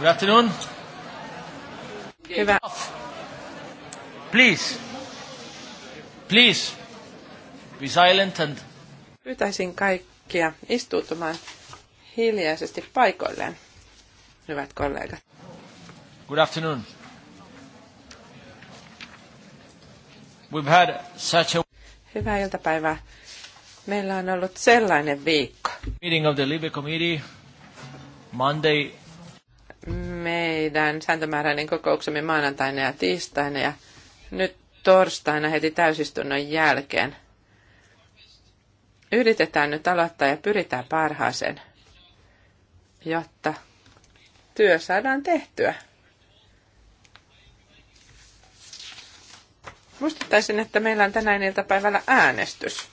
Good afternoon. Hyvä. Please. Please. Be silent and... Pyytäisin kaikkia istuutumaan hiljaisesti paikoilleen, hyvät kollegat. Good afternoon. We've had such a... Hyvää iltapäivää. Meillä on ollut sellainen viikko. Meeting of the Libe Committee, Monday meidän sääntömääräinen kokouksemme maanantaina ja tiistaina ja nyt torstaina heti täysistunnon jälkeen. Yritetään nyt aloittaa ja pyritään parhaaseen, jotta työ saadaan tehtyä. Muistuttaisin, että meillä on tänään iltapäivällä äänestys.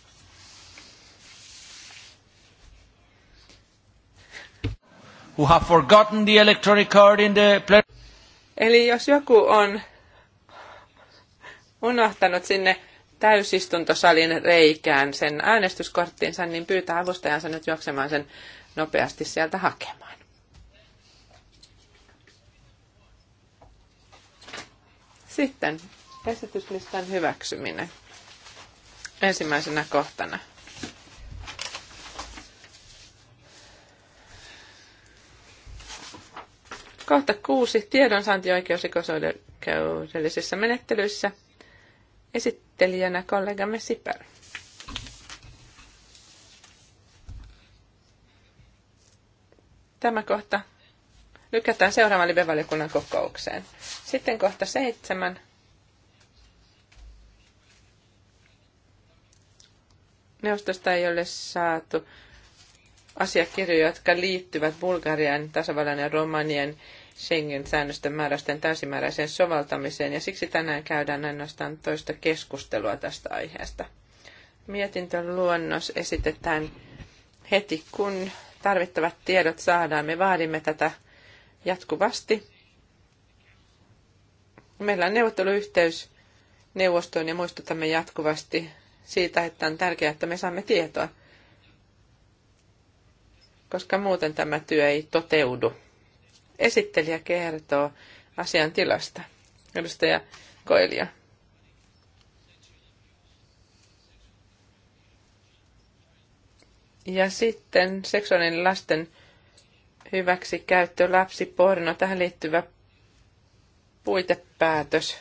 who have forgotten the electronic card in the Eli jos joku on unohtanut sinne täysistuntosalin reikään sen äänestyskorttinsa, niin pyytää avustajansa nyt juoksemaan sen nopeasti sieltä hakemaan. Sitten esityslistan hyväksyminen ensimmäisenä kohtana. Kohta kuusi. Tiedonsaantioikeus rikosoikeudellisissa menettelyissä. Esittelijänä kollegamme Sipär. Tämä kohta lykätään seuraavan live kokoukseen. Sitten kohta seitsemän. Neuvostosta ei ole saatu asiakirjoja, jotka liittyvät Bulgarian, tasavallan ja Romanien Schengen-säännösten määräysten täysimääräiseen soveltamiseen, ja siksi tänään käydään ainoastaan toista keskustelua tästä aiheesta. Mietintön luonnos esitetään heti, kun tarvittavat tiedot saadaan. Me vaadimme tätä jatkuvasti. Meillä on neuvotteluyhteys neuvostoon ja muistutamme jatkuvasti siitä, että on tärkeää, että me saamme tietoa, koska muuten tämä työ ei toteudu esittelijä kertoo asian tilasta. Edustaja Koilia. Ja sitten seksuaalinen lasten hyväksikäyttö, lapsiporno, tähän liittyvä puitepäätös.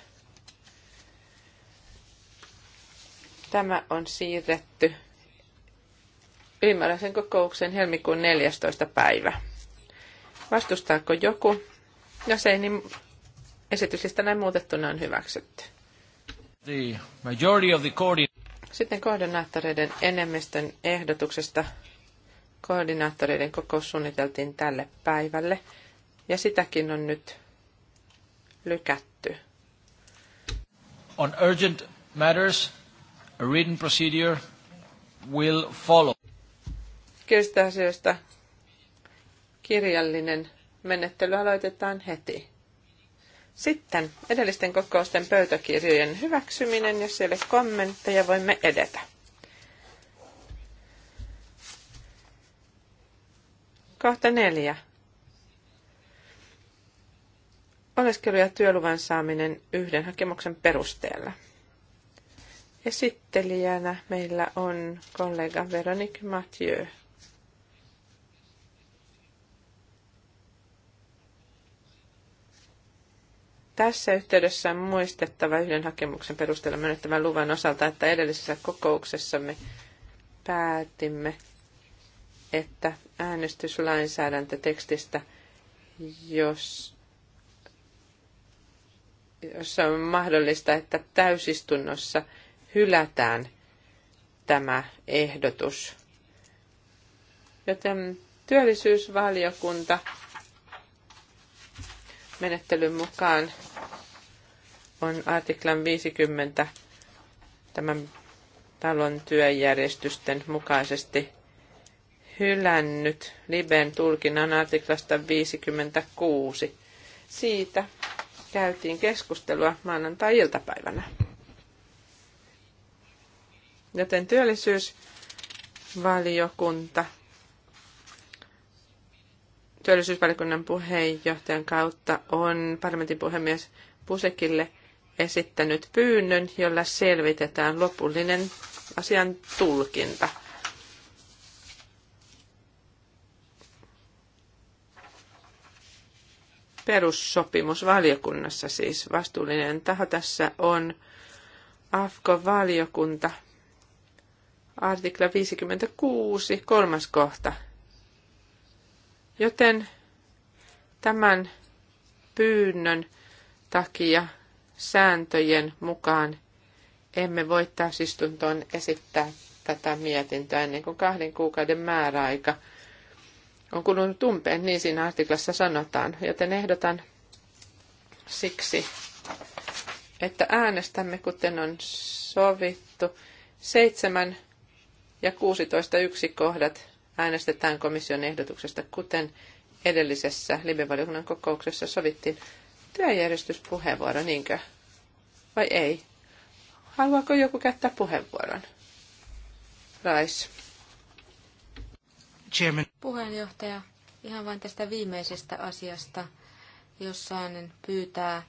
Tämä on siirretty ylimääräisen kokouksen helmikuun 14. päivä. Vastustaako joku? Jos ei, niin esityslista näin muutettuna on hyväksytty. The majority of the Sitten koordinaattoreiden enemmistön ehdotuksesta koordinaattoreiden kokous suunniteltiin tälle päivälle, ja sitäkin on nyt lykätty. On urgent matters, a written procedure will follow. Kiireistä asioista kirjallinen menettely aloitetaan heti. Sitten edellisten kokousten pöytäkirjojen hyväksyminen, jos ei ole kommentteja, voimme edetä. Kohta neljä. Oleskelu- ja työluvan saaminen yhden hakemuksen perusteella. Esittelijänä meillä on kollega Veronique Mathieu. Tässä yhteydessä on muistettava yhden hakemuksen perusteella myönnettävän luvan osalta, että edellisessä kokouksessamme päätimme, että äänestyslainsäädäntötekstistä, jos, jos on mahdollista, että täysistunnossa hylätään tämä ehdotus. Joten työllisyysvaliokunta menettelyn mukaan on artiklan 50 tämän talon työjärjestysten mukaisesti hylännyt Liben tulkinnan artiklasta 56. Siitä käytiin keskustelua maanantai-iltapäivänä. Joten työllisyysvaliokunta työllisyysvaliokunnan puheenjohtajan kautta on parlamentin puhemies Pusekille esittänyt pyynnön, jolla selvitetään lopullinen asian tulkinta. Perussopimusvaliokunnassa siis vastuullinen taho tässä on AFKO-valiokunta. Artikla 56, kolmas kohta Joten tämän pyynnön takia sääntöjen mukaan emme voi täysistuntoon esittää tätä mietintöä ennen kuin kahden kuukauden määräaika on kulunut umpeen, niin siinä artiklassa sanotaan. Joten ehdotan siksi, että äänestämme, kuten on sovittu, 7 ja 16 yksi kohdat äänestetään komission ehdotuksesta, kuten edellisessä libevaliokunnan kokouksessa sovittiin työjärjestyspuheenvuoro, niinkö? Vai ei? Haluaako joku käyttää puheenvuoron? Rice. Chairman. Puheenjohtaja, ihan vain tästä viimeisestä asiasta, jossa pyytää äh,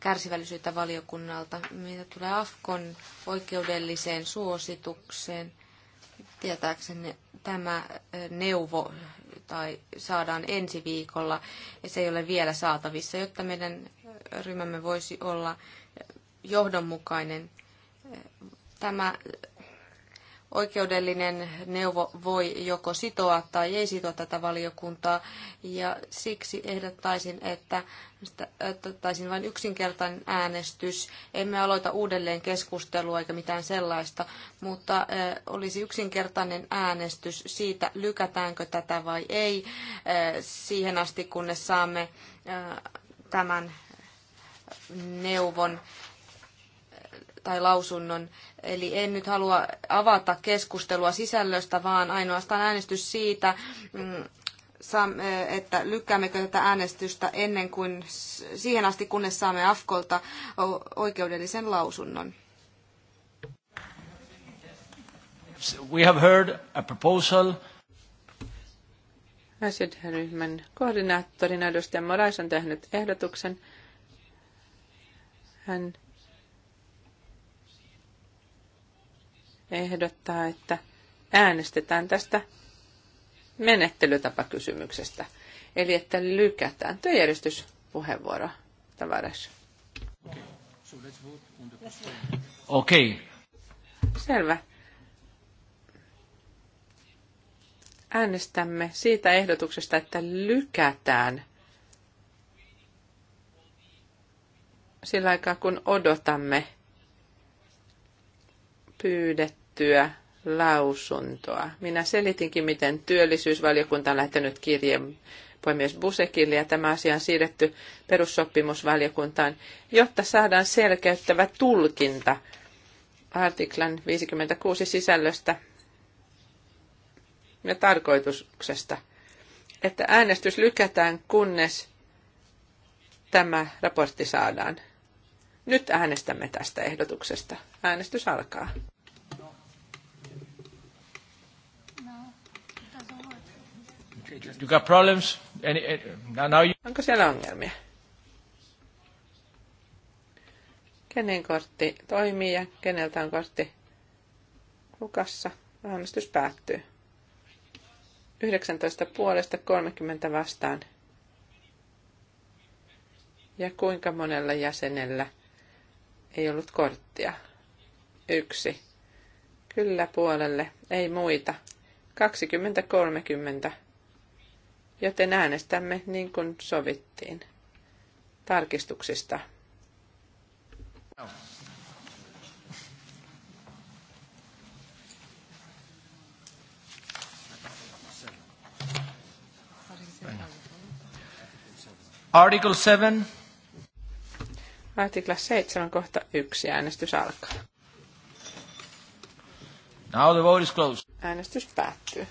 kärsivällisyyttä valiokunnalta, mitä tulee Afkon oikeudelliseen suositukseen. Tietääkseni tämä neuvo tai saadaan ensi viikolla ja se ei ole vielä saatavissa, jotta meidän ryhmämme voisi olla johdonmukainen. Tämä oikeudellinen neuvo voi joko sitoa tai ei sitoa tätä valiokuntaa, ja siksi ehdottaisin, että ottaisin vain yksinkertainen äänestys. Emme aloita uudelleen keskustelua eikä mitään sellaista, mutta olisi yksinkertainen äänestys siitä, lykätäänkö tätä vai ei, siihen asti kunnes saamme tämän neuvon tai lausunnon. Eli en nyt halua avata keskustelua sisällöstä, vaan ainoastaan äänestys siitä, mm, että lykkäämmekö tätä äänestystä ennen kuin siihen asti, kunnes saamme AFKolta oikeudellisen lausunnon. We have heard a proposal. Asiat-ryhmän koordinaattorina edustaja Morais on tehnyt ehdotuksen. Hän ehdottaa, että äänestetään tästä menettelytapakysymyksestä. Eli että lykätään työjärjestyspuheenvuoro, tavarassa. Okei. Okay. Selvä. Äänestämme siitä ehdotuksesta, että lykätään sillä aikaa, kun odotamme pyydet esitettyä lausuntoa. Minä selitinkin, miten työllisyysvaliokunta on lähtenyt kirjeen puhemies Busekille ja tämä asia on siirretty perussopimusvaliokuntaan, jotta saadaan selkeyttävä tulkinta artiklan 56 sisällöstä ja tarkoituksesta, että äänestys lykätään, kunnes tämä raportti saadaan. Nyt äänestämme tästä ehdotuksesta. Äänestys alkaa. You got problems? Any, any, eh, now you... Onko siellä ongelmia? Kenen kortti toimii ja keneltä on kortti hukassa? Äänestys päättyy. 19 puolesta 30 vastaan. Ja kuinka monella jäsenellä ei ollut korttia? Yksi. Kyllä puolelle, ei muita. 20-30 Joten äänestämme niin kuin sovittiin tarkistuksista. No. Article 7. Artikla 7 kohta 1. Äänestys alkaa. Now the vote is closed. Äänestys päättyy.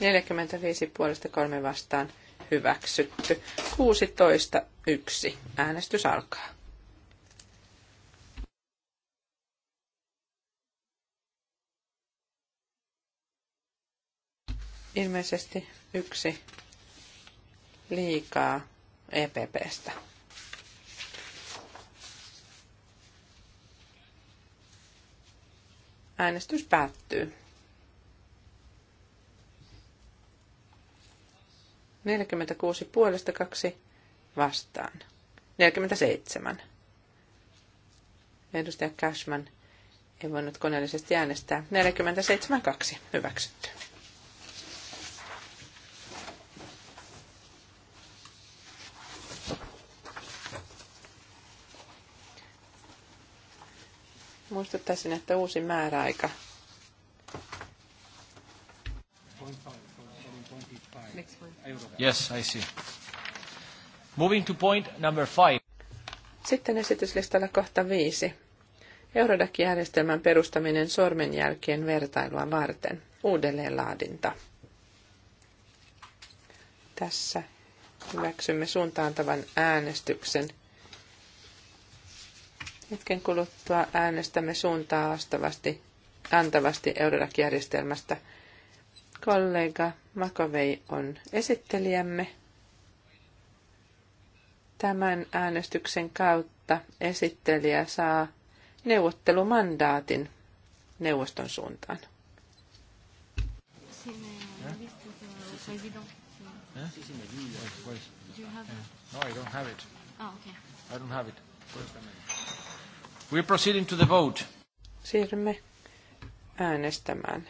45 puolesta kolme vastaan hyväksytty. 16 1. Äänestys alkaa. Ilmeisesti yksi liikaa EPPstä. Äänestys päättyy. 46 puolesta kaksi vastaan. 47. Edustaja Cashman ei voinut koneellisesti äänestää. 47 47.2. Hyväksytty. Muistuttaisin, että uusi määräaika next one. Yes, I see. Moving to point number five. Sitten esityslistalla kohta viisi. Eurodac-järjestelmän perustaminen sormenjälkien vertailua varten. Uudelleenlaadinta. Tässä hyväksymme suuntaantavan äänestyksen. Hetken kuluttua äänestämme suuntaa antavasti Eurodac-järjestelmästä – Kollega Makovei on esittelijämme. Tämän äänestyksen kautta esittelijä saa neuvottelumandaatin neuvoston suuntaan. No, oh, to the vote. Siirrymme äänestämään.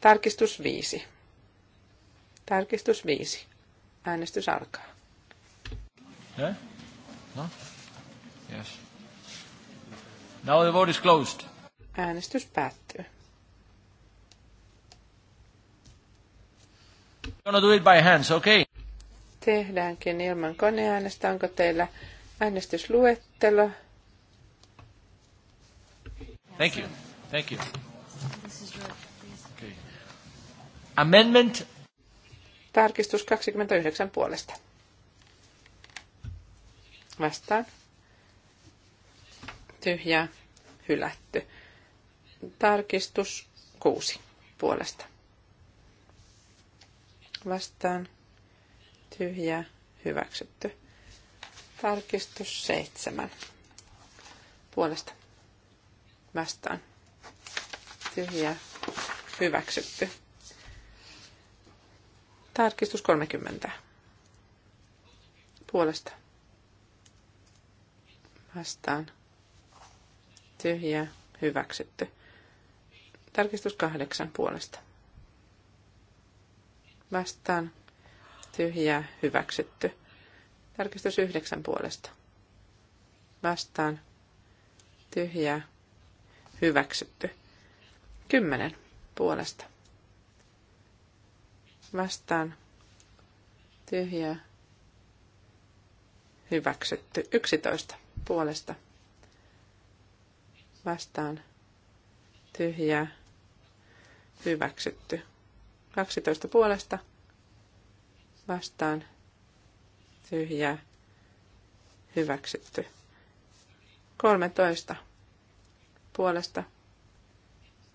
Tarkistus 5. Tarkistus 5. Äänestys alkaa. Yeah? No? Yes. Now the vote is closed. Äänestys päättyy. Gonna do it by hands, okay? Tehdäänkin ilman koneäänestä. Onko teillä äänestysluettelo? Thank you. Thank you. Amendment. Tarkistus 29 puolesta. Vastaan. Tyhjä. Hylätty. Tarkistus 6 puolesta. Vastaan. Tyhjä. Hyväksytty. Tarkistus 7 puolesta. Vastaan. Tyhjä. Hyväksytty. Tarkistus 30. Puolesta. Vastaan. Tyhjä. Hyväksytty. Tarkistus 8. Puolesta. Vastaan. Tyhjä. Hyväksytty. Tarkistus 9. Puolesta. Vastaan. Tyhjä. Hyväksytty. 10. Puolesta vastaan tyhjää hyväksytty. 11 puolesta vastaan tyhjää hyväksytty. 12 puolesta vastaan tyhjää hyväksytty. 13 puolesta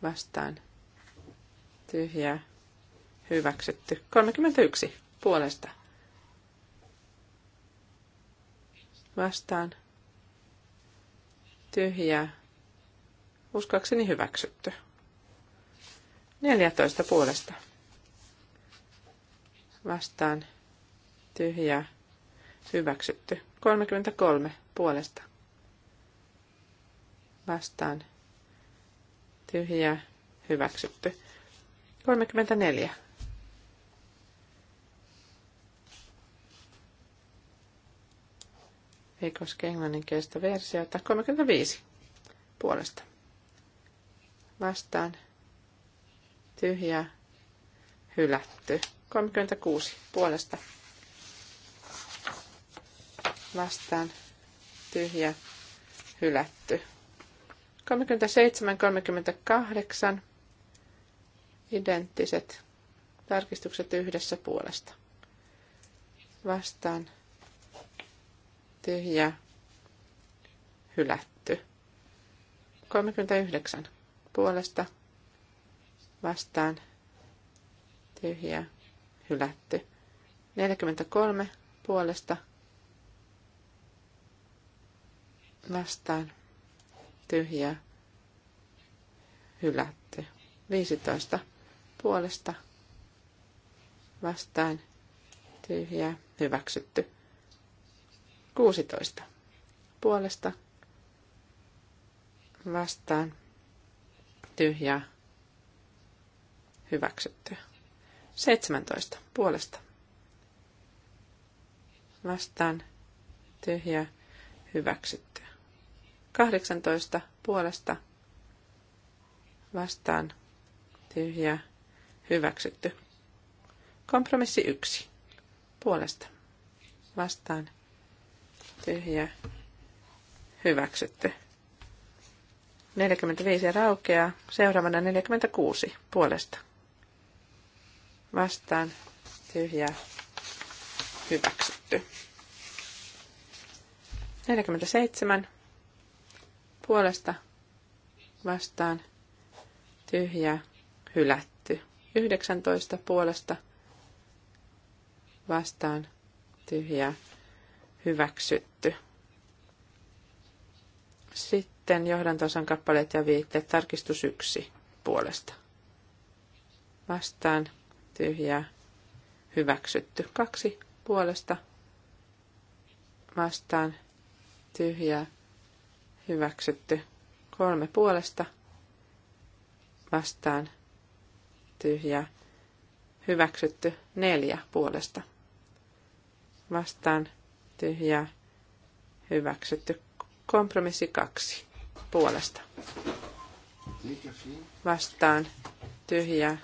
vastaan tyhjää hyväksytty. 31 puolesta vastaan tyhjää, uskoakseni hyväksytty. 14 puolesta vastaan tyhjää, hyväksytty. 33 puolesta vastaan tyhjää, hyväksytty. 34 ei koske englanninkielistä versiota. 35 puolesta. Vastaan. Tyhjä. Hylätty. 36 puolesta. Vastaan. Tyhjä. Hylätty. 37, 38. Identtiset tarkistukset yhdessä puolesta. Vastaan tyhjä, hylätty. 39 puolesta vastaan tyhjä, hylätty. 43 puolesta vastaan tyhjä, hylätty. 15 puolesta vastaan tyhjä, hyväksytty. 16 puolesta vastaan tyhjää hyväksyttyä. 17 puolesta vastaan tyhjää hyväksyttyä. 18 puolesta vastaan tyhjää hyväksytty. Kompromissi 1 puolesta vastaan tyhjä, hyväksytty. 45 raukeaa, seuraavana 46 puolesta. Vastaan, tyhjä, hyväksytty. 47 puolesta vastaan tyhjä hylätty. 19 puolesta vastaan tyhjä hyväksytty. Sitten johdantosan kappaleet ja viitteet, tarkistus yksi puolesta. Vastaan tyhjää hyväksytty. Kaksi puolesta vastaan tyhjää hyväksytty. Kolme puolesta vastaan tyhjää hyväksytty. Neljä puolesta vastaan tyhjä hyväksytty. Kompromissi kaksi puolesta. Vastaan tyhjä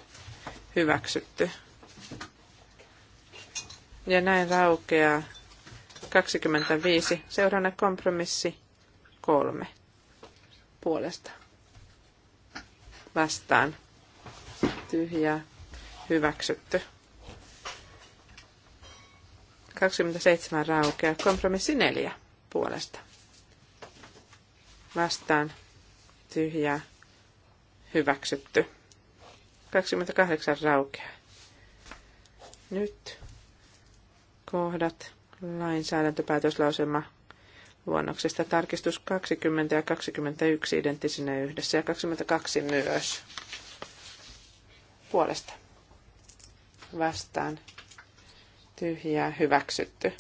hyväksytty. Ja näin raukeaa 25. Seuraava kompromissi kolme puolesta. Vastaan tyhjä hyväksytty. 27 raukeaa. Kompromissi 4 puolesta. Vastaan tyhjää hyväksytty. 28 raukeaa. Nyt kohdat lainsäädäntöpäätöslauselma luonnoksesta tarkistus 20 ja 21 identtisinä yhdessä ja 22 myös puolesta vastaan tyhjää hyväksytty.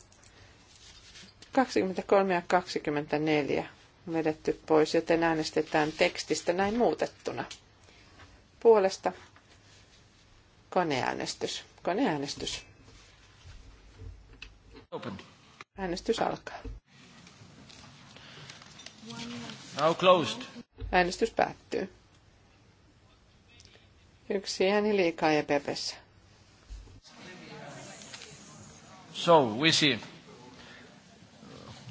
23 ja 24 vedetty pois, joten äänestetään tekstistä näin muutettuna. Puolesta koneäänestys. Koneäänestys. Open. Äänestys alkaa. Now closed. Äänestys päättyy. Yksi ääni liikaa EPPssä. So, we see.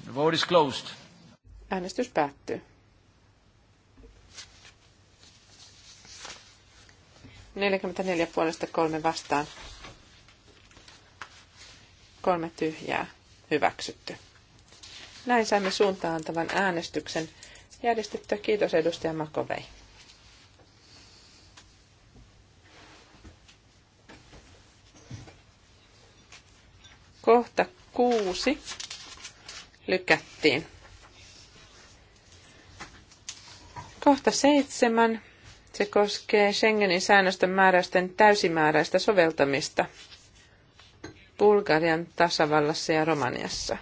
The vote is closed. Äänestys päättyy. 44 puolesta kolme vastaan. Kolme tyhjää. Hyväksytty. Näin saimme suuntaantavan äänestyksen järjestettyä. Kiitos edustaja Makovei. kohta kuusi lykättiin. Kohta seitsemän. Se koskee Schengenin säännösten määräysten täysimääräistä soveltamista Bulgarian tasavallassa ja Romaniassa.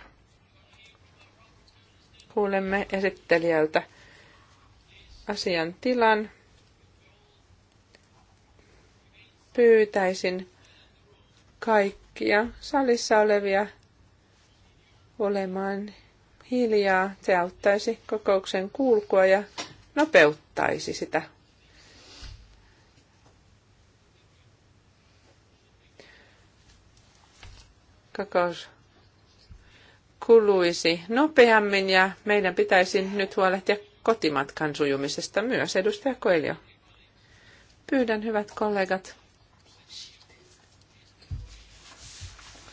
Kuulemme esittelijältä asian tilan. Pyytäisin kaikki kaikkia salissa olevia olemaan hiljaa. Se auttaisi kokouksen kulkua ja nopeuttaisi sitä. Kokous kuluisi nopeammin ja meidän pitäisi nyt huolehtia kotimatkan sujumisesta myös, edustaja Koelio. Pyydän, hyvät kollegat,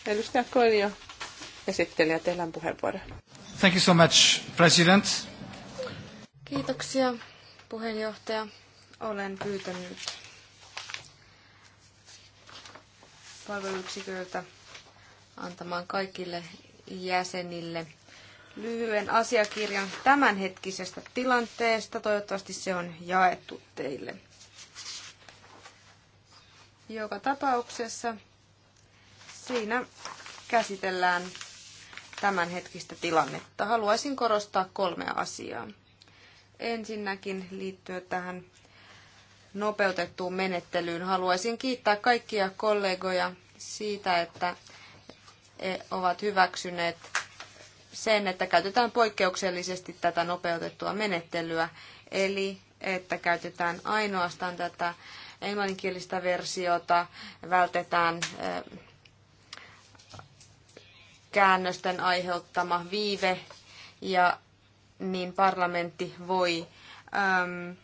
Edustaja Koilio, esittelijä, teillä on puheenvuoro. Thank you so much, President. Kiitoksia, puheenjohtaja. Olen pyytänyt palveluyksiköiltä antamaan kaikille jäsenille lyhyen asiakirjan tämänhetkisestä tilanteesta. Toivottavasti se on jaettu teille. Joka tapauksessa Siinä käsitellään tämänhetkistä tilannetta. Haluaisin korostaa kolmea asiaa. Ensinnäkin liittyen tähän nopeutettuun menettelyyn haluaisin kiittää kaikkia kollegoja siitä, että ovat hyväksyneet sen, että käytetään poikkeuksellisesti tätä nopeutettua menettelyä, eli että käytetään ainoastaan tätä englanninkielistä versiota, vältetään eh, käännösten aiheuttama viive ja niin parlamentti voi äm,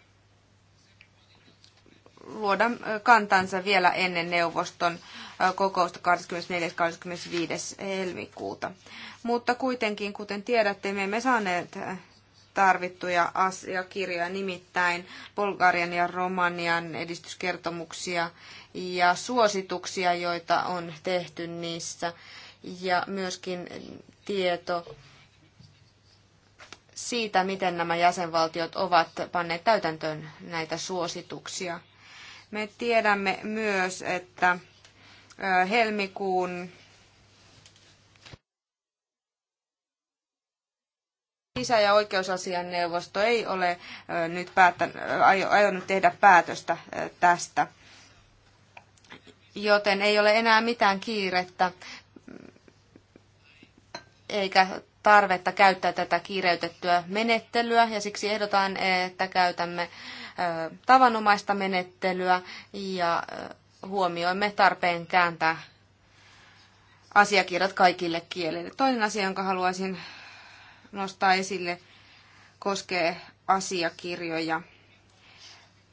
luoda äh, kantansa vielä ennen neuvoston äh, kokousta 24.–25. helmikuuta. Mutta kuitenkin, kuten tiedätte, me emme saaneet äh, tarvittuja asiakirjoja, nimittäin Bulgarian ja Romanian edistyskertomuksia ja suosituksia, joita on tehty niissä ja myöskin tieto siitä, miten nämä jäsenvaltiot ovat panneet täytäntöön näitä suosituksia. Me tiedämme myös, että helmikuun sisä- ja oikeusasian neuvosto ei ole nyt aionnut tehdä päätöstä tästä joten ei ole enää mitään kiirettä eikä tarvetta käyttää tätä kiireytettyä menettelyä ja siksi ehdotan, että käytämme tavanomaista menettelyä ja huomioimme tarpeen kääntää asiakirjat kaikille kielille. Toinen asia, jonka haluaisin nostaa esille, koskee asiakirjoja.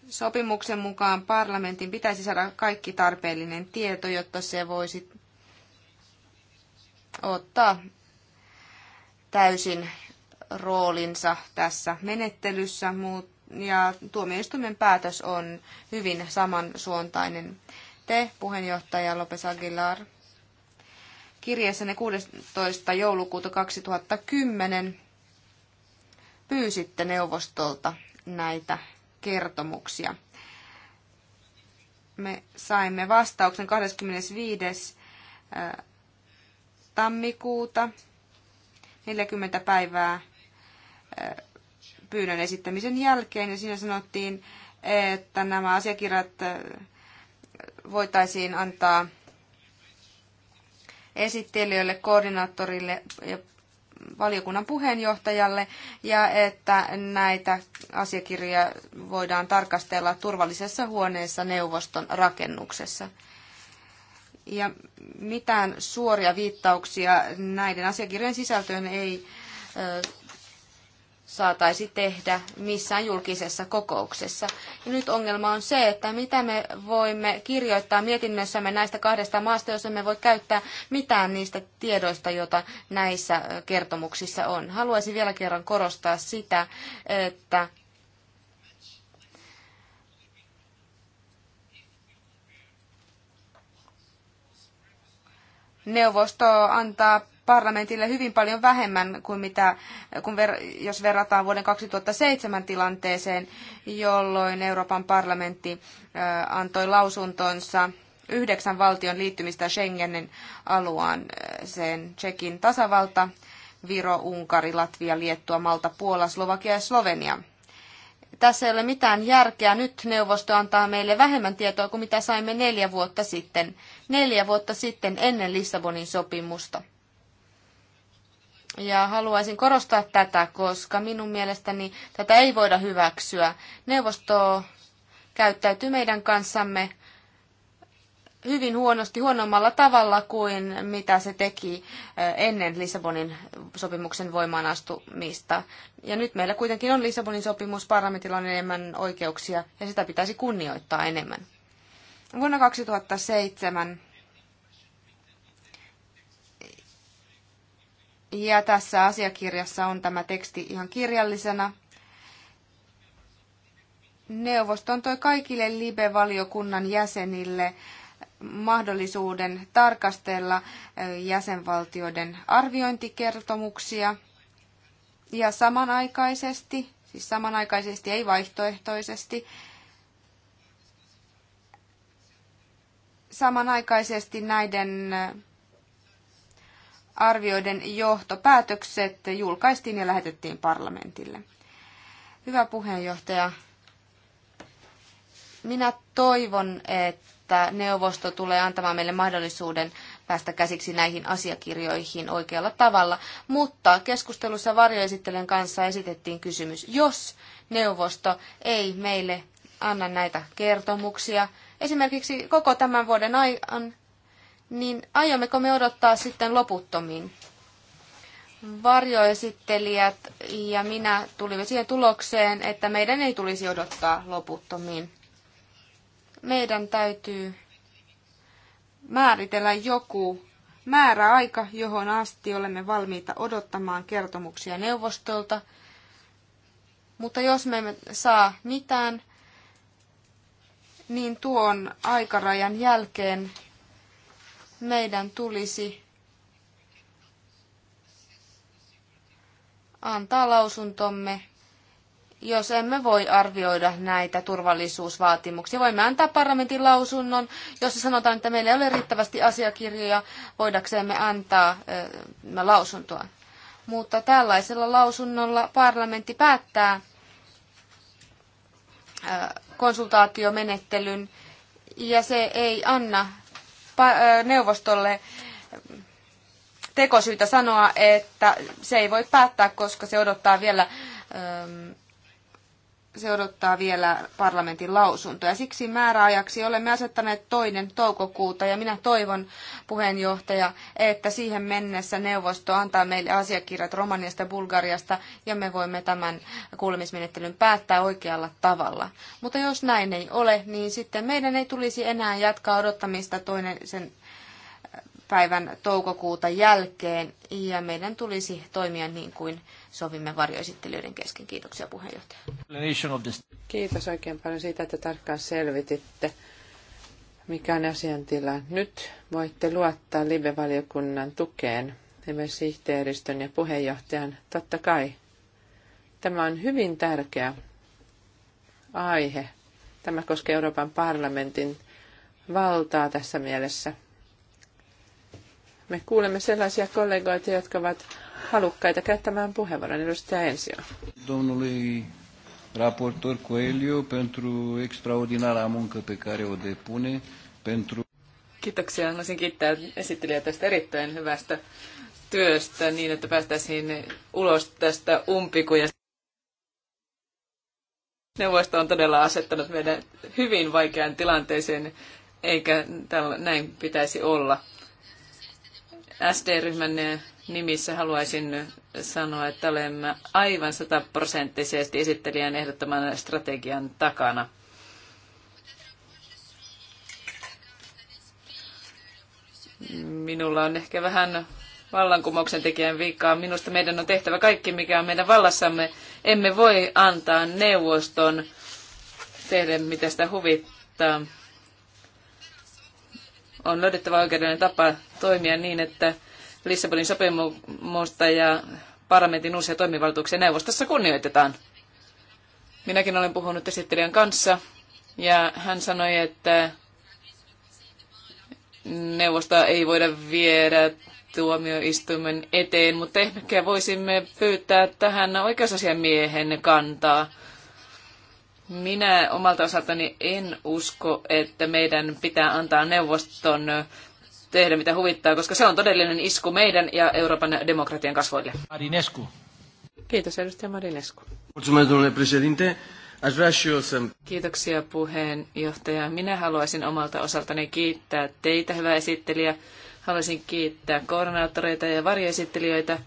Sopimuksen mukaan parlamentin pitäisi saada kaikki tarpeellinen tieto, jotta se voisi ottaa täysin roolinsa tässä menettelyssä, ja tuomioistuimen päätös on hyvin samansuuntainen. Te, puheenjohtaja Lopes Aguilar, kirjeessänne 16. joulukuuta 2010 pyysitte neuvostolta näitä kertomuksia. Me saimme vastauksen 25. tammikuuta 40 päivää äh, pyynnön esittämisen jälkeen, ja siinä sanottiin, että nämä asiakirjat äh, voitaisiin antaa esittelijöille, koordinaattorille ja valiokunnan puheenjohtajalle ja että näitä asiakirjoja voidaan tarkastella turvallisessa huoneessa neuvoston rakennuksessa ja mitään suoria viittauksia näiden asiakirjojen sisältöön ei saataisi tehdä missään julkisessa kokouksessa. Ja nyt ongelma on se, että mitä me voimme kirjoittaa mietinnössämme näistä kahdesta maasta, jos emme voi käyttää mitään niistä tiedoista, joita näissä kertomuksissa on. Haluaisin vielä kerran korostaa sitä, että neuvosto antaa parlamentille hyvin paljon vähemmän kuin mitä, kun ver, jos verrataan vuoden 2007 tilanteeseen, jolloin Euroopan parlamentti antoi lausuntonsa yhdeksän valtion liittymistä Schengenin sen Tsekin tasavalta, Viro, Unkari, Latvia, Liettua, Malta, Puola, Slovakia ja Slovenia. Tässä ei ole mitään järkeä. Nyt neuvosto antaa meille vähemmän tietoa kuin mitä saimme neljä vuotta sitten. Neljä vuotta sitten ennen Lissabonin sopimusta. Ja haluaisin korostaa tätä, koska minun mielestäni tätä ei voida hyväksyä. Neuvosto käyttäytyy meidän kanssamme hyvin huonosti, huonommalla tavalla kuin mitä se teki eh, ennen Lissabonin sopimuksen voimaan astumista. Ja nyt meillä kuitenkin on Lissabonin sopimus, parlamentilla on enemmän oikeuksia ja sitä pitäisi kunnioittaa enemmän. Vuonna 2007 ja tässä asiakirjassa on tämä teksti ihan kirjallisena. Neuvosto antoi kaikille LIBE-valiokunnan jäsenille mahdollisuuden tarkastella jäsenvaltioiden arviointikertomuksia ja samanaikaisesti, siis samanaikaisesti ei vaihtoehtoisesti, samanaikaisesti näiden arvioiden johtopäätökset julkaistiin ja lähetettiin parlamentille. Hyvä puheenjohtaja, minä toivon, että että neuvosto tulee antamaan meille mahdollisuuden päästä käsiksi näihin asiakirjoihin oikealla tavalla. Mutta keskustelussa varjoesittelijän kanssa esitettiin kysymys, jos neuvosto ei meille anna näitä kertomuksia, esimerkiksi koko tämän vuoden ajan, niin aiommeko me odottaa sitten loputtomiin? Varjoesittelijät ja minä tulimme siihen tulokseen, että meidän ei tulisi odottaa loputtomiin meidän täytyy määritellä joku määräaika, johon asti olemme valmiita odottamaan kertomuksia neuvostolta. Mutta jos me emme saa mitään, niin tuon aikarajan jälkeen meidän tulisi antaa lausuntomme jos emme voi arvioida näitä turvallisuusvaatimuksia. Voimme antaa parlamentin lausunnon, jossa sanotaan, että meillä ei ole riittävästi asiakirjoja, voidaksemme antaa äh, lausuntoa. Mutta tällaisella lausunnolla parlamentti päättää äh, konsultaatiomenettelyn ja se ei anna neuvostolle tekosyytä sanoa, että se ei voi päättää, koska se odottaa vielä ähm, se odottaa vielä parlamentin lausuntoa. Siksi määräajaksi olemme asettaneet toinen toukokuuta ja minä toivon puheenjohtaja, että siihen mennessä neuvosto antaa meille asiakirjat Romaniasta ja Bulgariasta ja me voimme tämän kuulemismenettelyn päättää oikealla tavalla. Mutta jos näin ei ole, niin sitten meidän ei tulisi enää jatkaa odottamista toinen sen päivän toukokuuta jälkeen ja meidän tulisi toimia niin kuin sovimme varjoesittelijöiden kesken. Kiitoksia puheenjohtaja. Kiitos oikein paljon siitä, että tarkkaan selvititte, mikä on asiantila. Nyt voitte luottaa libe valiokunnan tukeen, myös sihteeristön ja puheenjohtajan, totta kai. Tämä on hyvin tärkeä aihe. Tämä koskee Euroopan parlamentin valtaa tässä mielessä me kuulemme sellaisia kollegoita, jotka ovat halukkaita käyttämään puheenvuoron. Edustaja Ensio. Domnului raportor Coelho pentru extraordinara muncă pe care o depune, pentru... Kiitoksia. Haluaisin kiittää esittelijää tästä erittäin hyvästä työstä niin, että päästäisiin ulos tästä umpikujasta. Neuvosto on todella asettanut meidän hyvin vaikeaan tilanteeseen, eikä näin pitäisi olla SD-ryhmän nimissä haluaisin sanoa, että olemme aivan sataprosenttisesti esittelijän ehdottoman strategian takana. Minulla on ehkä vähän vallankumouksen tekijän viikkaa. Minusta meidän on tehtävä kaikki, mikä on meidän vallassamme. Emme voi antaa neuvoston tehdä, mitä sitä huvittaa on löydettävä oikeudellinen tapa toimia niin, että Lissabonin sopimusta ja parlamentin uusia toimivaltuuksia neuvostossa kunnioitetaan. Minäkin olen puhunut esittelijän kanssa ja hän sanoi, että neuvosta ei voida viedä tuomioistuimen eteen, mutta ehkä voisimme pyytää tähän oikeusasiamiehen kantaa. Minä omalta osaltani en usko, että meidän pitää antaa neuvoston tehdä mitä huvittaa, koska se on todellinen isku meidän ja Euroopan demokratian kasvoille. Marinescu. Kiitos edustaja Marinescu. Kiitoksia puheenjohtaja. Minä haluaisin omalta osaltani kiittää teitä, hyvä esittelijä. Haluaisin kiittää koordinaattoreita ja varjoesittelijöitä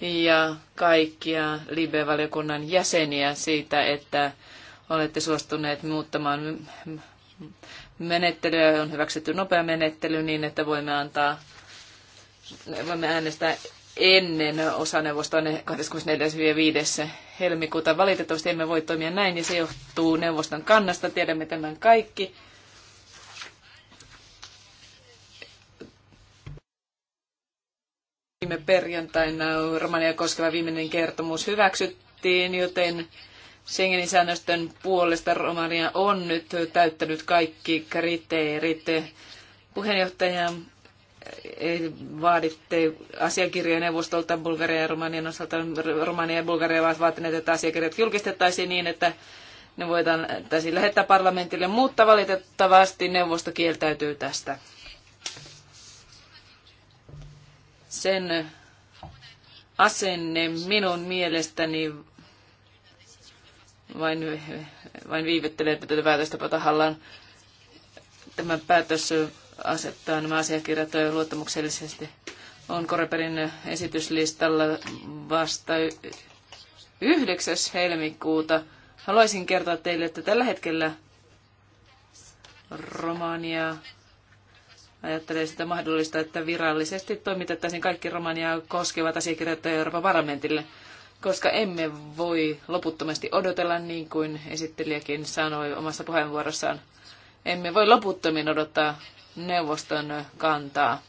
ja kaikkia Libe-valiokunnan jäseniä siitä, että olette suostuneet muuttamaan menettelyä. On hyväksytty nopea menettely niin, että voimme antaa voimme äänestää ennen osaneuvostoa 24.5. helmikuuta. Valitettavasti emme voi toimia näin ja se johtuu neuvoston kannasta. Tiedämme tämän kaikki. Viime perjantaina Romania koskeva viimeinen kertomus hyväksyttiin, joten Schengenin säännöstön puolesta Romania on nyt täyttänyt kaikki kriteerit. Puheenjohtaja, eh, vaaditte asiakirjoja neuvostolta Bulgarian ja Romanian osalta. Romania ja Bulgaria ovat vaatineet, että asiakirjat julkistettaisiin niin, että ne voidaan täysin siis lähettää parlamentille, mutta valitettavasti neuvosto kieltäytyy tästä. Sen asenne minun mielestäni vain, vain että tätä päätöstä tahallaan. Tämä päätös asettaa nämä asiakirjat luottamuksellisesti. On Koreperin esityslistalla vasta 9. helmikuuta. Haluaisin kertoa teille, että tällä hetkellä Romania ajattelee sitä mahdollista, että virallisesti toimitettaisiin kaikki Romaniaa koskevat asiakirjat Euroopan parlamentille – koska emme voi loputtomasti odotella, niin kuin esittelijäkin sanoi omassa puheenvuorossaan. Emme voi loputtomin odottaa neuvoston kantaa.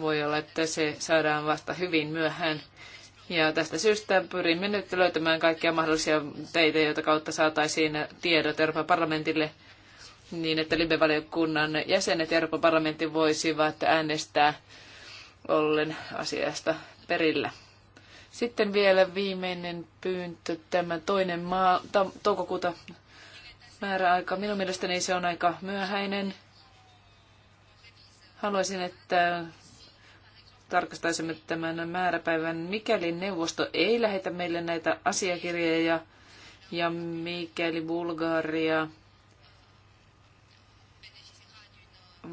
Voi olla, että se saadaan vasta hyvin myöhään. Ja tästä syystä pyrimme nyt löytämään kaikkia mahdollisia teitä, joita kautta saataisiin tiedot Euroopan parlamentille niin, että Libe-valiokunnan jäsenet Euroopan parlamentti voisivat äänestää ollen asiasta perillä. Sitten vielä viimeinen pyyntö, tämä toinen maa, ta, toukokuuta määräaika. Minun mielestäni se on aika myöhäinen. Haluaisin, että tarkastaisimme tämän määräpäivän, mikäli neuvosto ei lähetä meille näitä asiakirjoja ja mikäli Bulgaria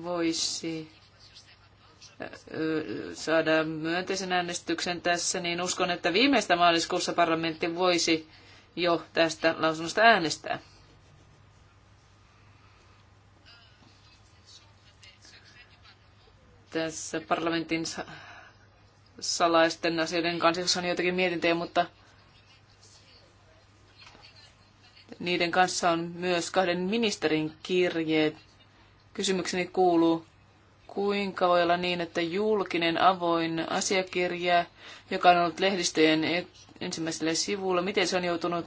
voisi saada myönteisen äänestyksen tässä, niin uskon, että viimeistä maaliskuussa parlamentti voisi jo tästä lausunnosta äänestää. Tässä parlamentin salaisten asioiden kanssa on joitakin mietintöjä, mutta niiden kanssa on myös kahden ministerin kirjeet. Kysymykseni kuuluu, kuinka voi olla niin, että julkinen avoin asiakirja, joka on ollut lehdistöjen ensimmäisellä sivulla, miten se on joutunut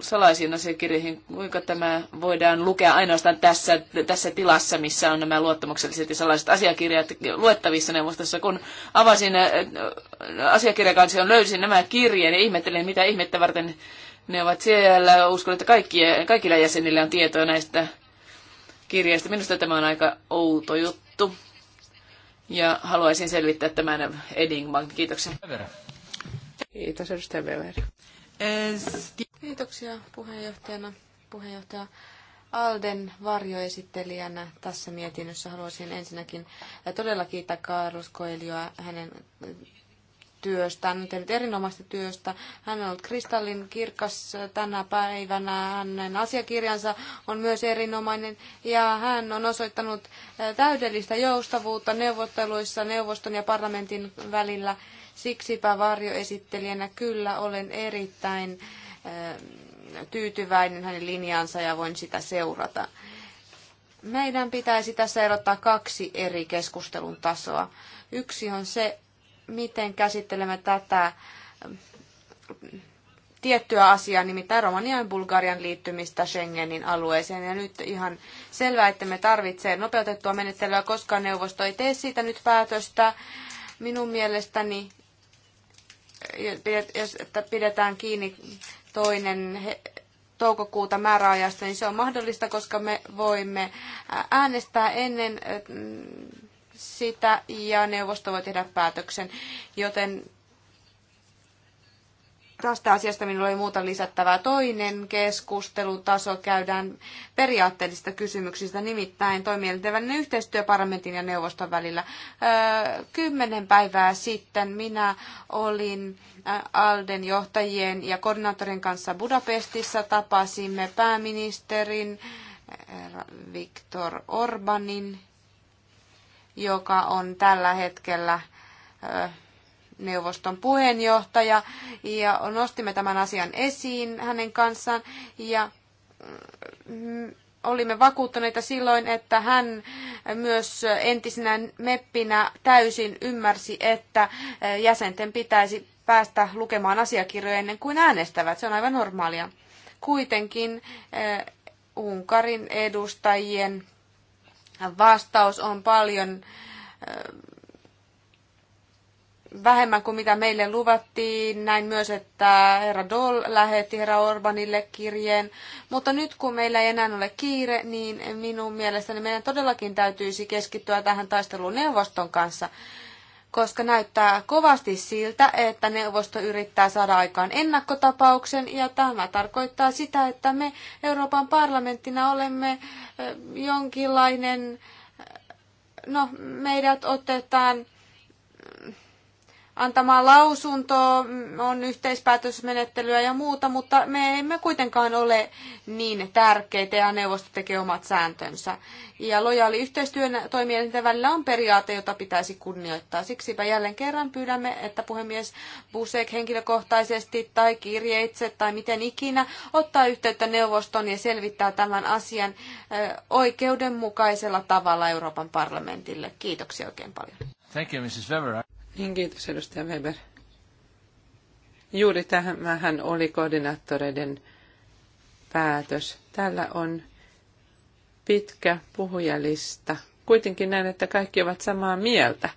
salaisiin asiakirjoihin, kuinka tämä voidaan lukea ainoastaan tässä, tässä tilassa, missä on nämä luottamukselliset ja salaiset asiakirjat luettavissa neuvostossa. Kun avasin asiakirjakansion, löysin nämä kirjeen ja ihmettelin, mitä ihmettä varten ne ovat siellä. Uskon, että kaikki, kaikilla jäsenillä on tietoa näistä kirjeestä. Minusta tämä on aika outo juttu. Ja haluaisin selvittää tämän Edingman. Kiitoksia. Kiitos, edustaja Weber. Kiitoksia puheenjohtajana. Puheenjohtaja Alden varjoesittelijänä tässä mietinnössä haluaisin ensinnäkin todella kiittää Carlos Coelioa hänen työstä. Hän on tehnyt erinomaista työstä. Hän on ollut kristallin kirkas tänä päivänä. Hänen asiakirjansa on myös erinomainen ja hän on osoittanut eh, täydellistä joustavuutta neuvotteluissa neuvoston ja parlamentin välillä. Siksipä varjoesittelijänä kyllä olen erittäin eh, tyytyväinen hänen linjaansa ja voin sitä seurata. Meidän pitäisi tässä erottaa kaksi eri keskustelun tasoa. Yksi on se, miten käsittelemme tätä ähm, tiettyä asiaa, nimittäin Romanian ja Bulgarian liittymistä Schengenin alueeseen. Ja nyt ihan selvää, että me tarvitsee nopeutettua menettelyä, koska neuvosto ei tee siitä nyt päätöstä. Minun mielestäni, että pidetään kiinni toinen toukokuuta määräajasta, niin se on mahdollista, koska me voimme äänestää ennen sitä ja neuvosto voi tehdä päätöksen. Joten tästä asiasta minulla ei muuta lisättävää. Toinen keskustelutaso käydään periaatteellisista kysymyksistä, nimittäin toimielinten välinen yhteistyö parlamentin ja neuvoston välillä. Öö, kymmenen päivää sitten minä olin Alden johtajien ja koordinaattorin kanssa Budapestissa. Tapasimme pääministerin Viktor Orbanin joka on tällä hetkellä neuvoston puheenjohtaja, ja nostimme tämän asian esiin hänen kanssaan, ja mm, olimme vakuuttuneita silloin, että hän myös entisenä meppinä täysin ymmärsi, että jäsenten pitäisi päästä lukemaan asiakirjoja ennen kuin äänestävät. Se on aivan normaalia. Kuitenkin Unkarin edustajien vastaus on paljon vähemmän kuin mitä meille luvattiin. Näin myös, että herra Doll lähetti herra Orbanille kirjeen. Mutta nyt kun meillä ei enää ole kiire, niin minun mielestäni meidän todellakin täytyisi keskittyä tähän taisteluun neuvoston kanssa koska näyttää kovasti siltä, että neuvosto yrittää saada aikaan ennakkotapauksen, ja tämä tarkoittaa sitä, että me Euroopan parlamenttina olemme jonkinlainen, no meidät otetaan antamaan lausuntoa, mm, on yhteispäätösmenettelyä ja muuta, mutta me emme kuitenkaan ole niin tärkeitä ja neuvosto tekee omat sääntönsä. Ja lojaali yhteistyön toimijoiden välillä on periaate, jota pitäisi kunnioittaa. Siksipä jälleen kerran pyydämme, että puhemies Busek henkilökohtaisesti tai kirjeitse tai miten ikinä ottaa yhteyttä neuvoston ja selvittää tämän asian oikeudenmukaisella tavalla Euroopan parlamentille. Kiitoksia oikein paljon. Thank you, Mrs. Weber. Niin, kiitos edustaja Weber. Juuri tämähän oli koordinaattoreiden päätös. Täällä on pitkä puhujalista. Kuitenkin näen, että kaikki ovat samaa mieltä.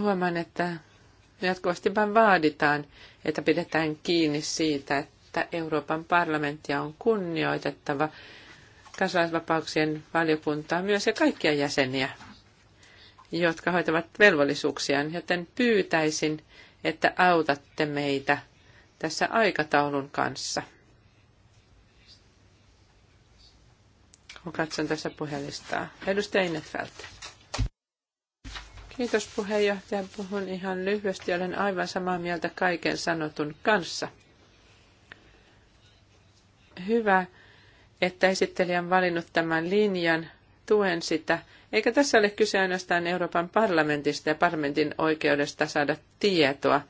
Huomaan, että jatkuvasti vain vaaditaan, että pidetään kiinni siitä, että Euroopan parlamenttia on kunnioitettava kansalaisvapauksien valiokuntaa myös ja kaikkia jäseniä jotka hoitavat velvollisuuksiaan, joten pyytäisin, että autatte meitä tässä aikataulun kanssa. Kun katson tässä puhelistaa. Edustaja Innetfeldt. Kiitos puheenjohtaja. Puhun ihan lyhyesti. Olen aivan samaa mieltä kaiken sanotun kanssa. Hyvä, että esittelijä on valinnut tämän linjan tuen sitä. Eikä tässä ole kyse ainoastaan Euroopan parlamentista ja parlamentin oikeudesta saada tietoa,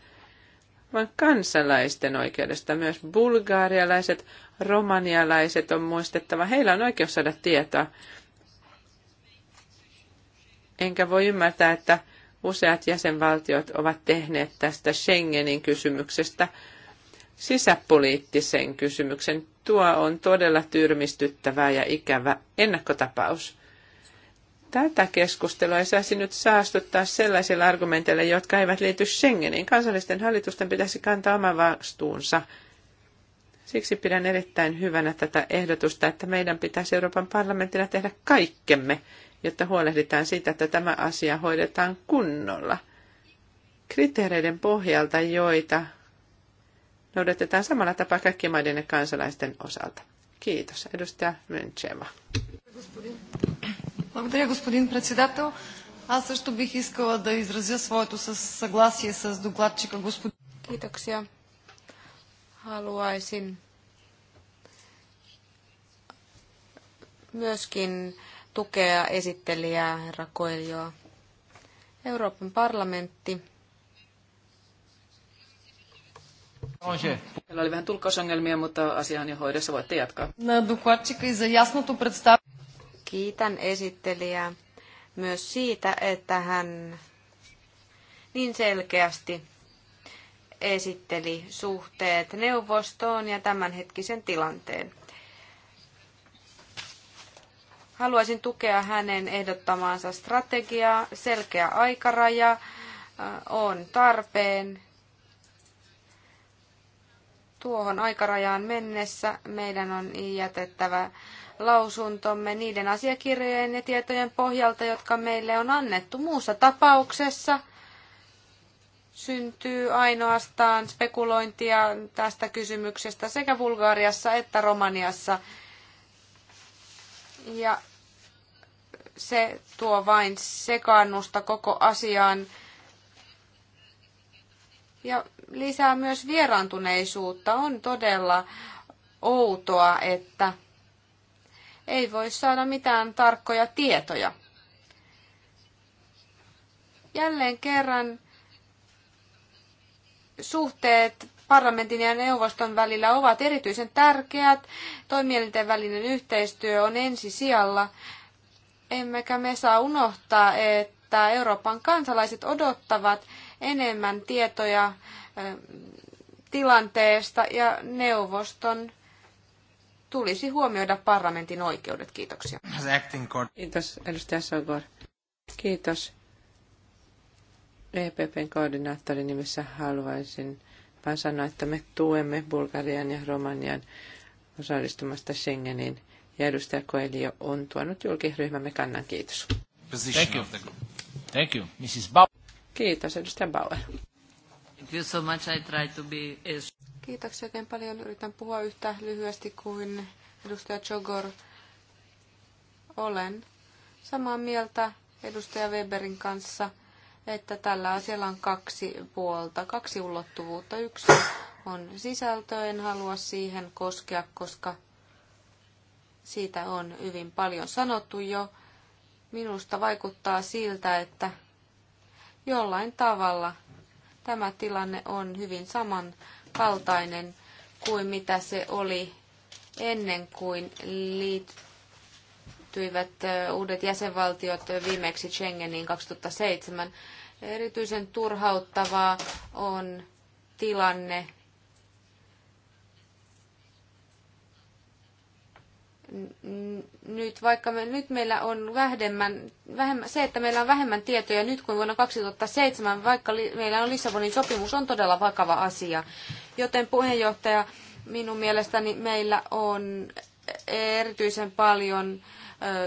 vaan kansalaisten oikeudesta. Myös bulgaarialaiset, romanialaiset on muistettava. Heillä on oikeus saada tietoa. Enkä voi ymmärtää, että useat jäsenvaltiot ovat tehneet tästä Schengenin kysymyksestä sisäpoliittisen kysymyksen. Tuo on todella tyrmistyttävää ja ikävä ennakkotapaus tätä keskustelua ei saisi nyt saastuttaa sellaisilla argumenteilla, jotka eivät liity Schengeniin. Kansallisten hallitusten pitäisi kantaa oma vastuunsa. Siksi pidän erittäin hyvänä tätä ehdotusta, että meidän pitäisi Euroopan parlamenttina tehdä kaikkemme, jotta huolehditaan siitä, että tämä asia hoidetaan kunnolla. Kriteereiden pohjalta, joita noudatetaan samalla tapaa kaikkien maiden ja kansalaisten osalta. Kiitos. Edustaja Благодаря, господин председател. Аз също бих искала да изразя своето съгласие с докладчика господин. Kiitoksia. Haluaisin myöskin tukea esittelijää herra Koeljoa. Euroopan parlamentti. Meillä oli vähän tulkkausongelmia, mutta asia on jo hoidossa. Voitte jatkaa. На докладчика и за ясното представ... Kiitän esittelijää myös siitä, että hän niin selkeästi esitteli suhteet neuvostoon ja tämänhetkisen tilanteen. Haluaisin tukea hänen ehdottamaansa strategiaa. Selkeä aikaraja äh, on tarpeen. Tuohon aikarajaan mennessä meidän on jätettävä lausuntomme niiden asiakirjojen ja tietojen pohjalta, jotka meille on annettu. Muussa tapauksessa syntyy ainoastaan spekulointia tästä kysymyksestä sekä Bulgariassa että Romaniassa. Ja se tuo vain sekaannusta koko asiaan ja lisää myös vieraantuneisuutta. On todella outoa, että ei voi saada mitään tarkkoja tietoja. Jälleen kerran suhteet parlamentin ja neuvoston välillä ovat erityisen tärkeät. Toimielinten välinen yhteistyö on ensisijalla. Emmekä me saa unohtaa, että Euroopan kansalaiset odottavat enemmän tietoja eh, tilanteesta ja neuvoston tulisi huomioida parlamentin oikeudet. Kiitoksia. Kiitos, edustaja Sogor. Kiitos. EPPn koordinaattorin nimissä haluaisin vain sanoa, että me tuemme Bulgarian ja Romanian osallistumasta Schengenin. Ja edustaja Koelio on tuonut julkiryhmämme kannan. Kiitos. Thank you. Thank you. Mrs. Bauer. Kiitos, edustaja Bauer. Thank you so much. I try to be as... Kiitoksia oikein paljon. Yritän puhua yhtä lyhyesti kuin edustaja Jogor. Olen samaa mieltä edustaja Weberin kanssa, että tällä asialla on kaksi puolta, kaksi ulottuvuutta. Yksi on sisältö, en halua siihen koskea, koska siitä on hyvin paljon sanottu jo. Minusta vaikuttaa siltä, että jollain tavalla tämä tilanne on hyvin saman kaltainen kuin mitä se oli ennen kuin liittyivät uudet jäsenvaltiot viimeksi Schengeniin 2007. Erityisen turhauttavaa on tilanne nyt, vaikka me, nyt meillä on vähemmän, vähemmän, se, että meillä on vähemmän tietoja nyt kuin vuonna 2007, vaikka li, meillä on Lissabonin sopimus, on todella vakava asia. Joten puheenjohtaja, minun mielestäni meillä on erityisen paljon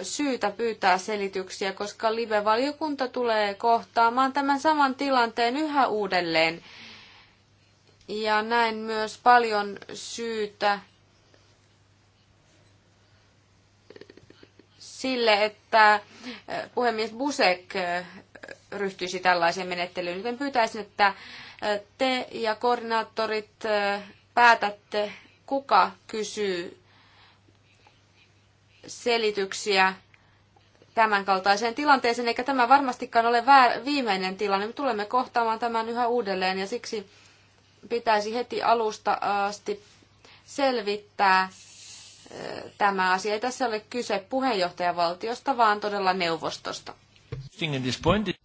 syytä pyytää selityksiä, koska live-valiokunta tulee kohtaamaan tämän saman tilanteen yhä uudelleen. Ja näin myös paljon syytä sille, että eh, puhemies Busek eh, ryhtyisi tällaiseen menettelyyn. Joten pyytäisin, että eh, te ja koordinaattorit päätätte, kuka kysyy selityksiä tämänkaltaiseen tilanteeseen, eikä tämä varmastikaan ole viimeinen tilanne. Me tulemme kohtaamaan tämän yhä uudelleen ja siksi pitäisi heti alusta asti selvittää tämä asia. Ei tässä ole kyse puheenjohtajavaltiosta, vaan todella neuvostosta.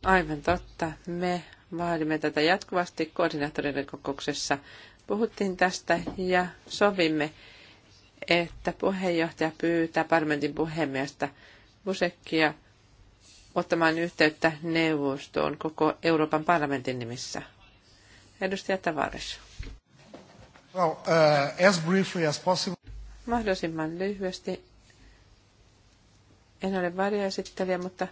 Aivan totta. Me vaadimme tätä jatkuvasti koordinaattoreiden kokouksessa. Puhuttiin tästä ja sovimme, että puheenjohtaja pyytää parlamentin puhemiestä Busekkia ottamaan yhteyttä neuvostoon koko Euroopan parlamentin nimissä. Edustaja Tavares. Well, uh, as briefly as possible mahdollisimman lyhyesti. En ole varjaesittelijä, mutta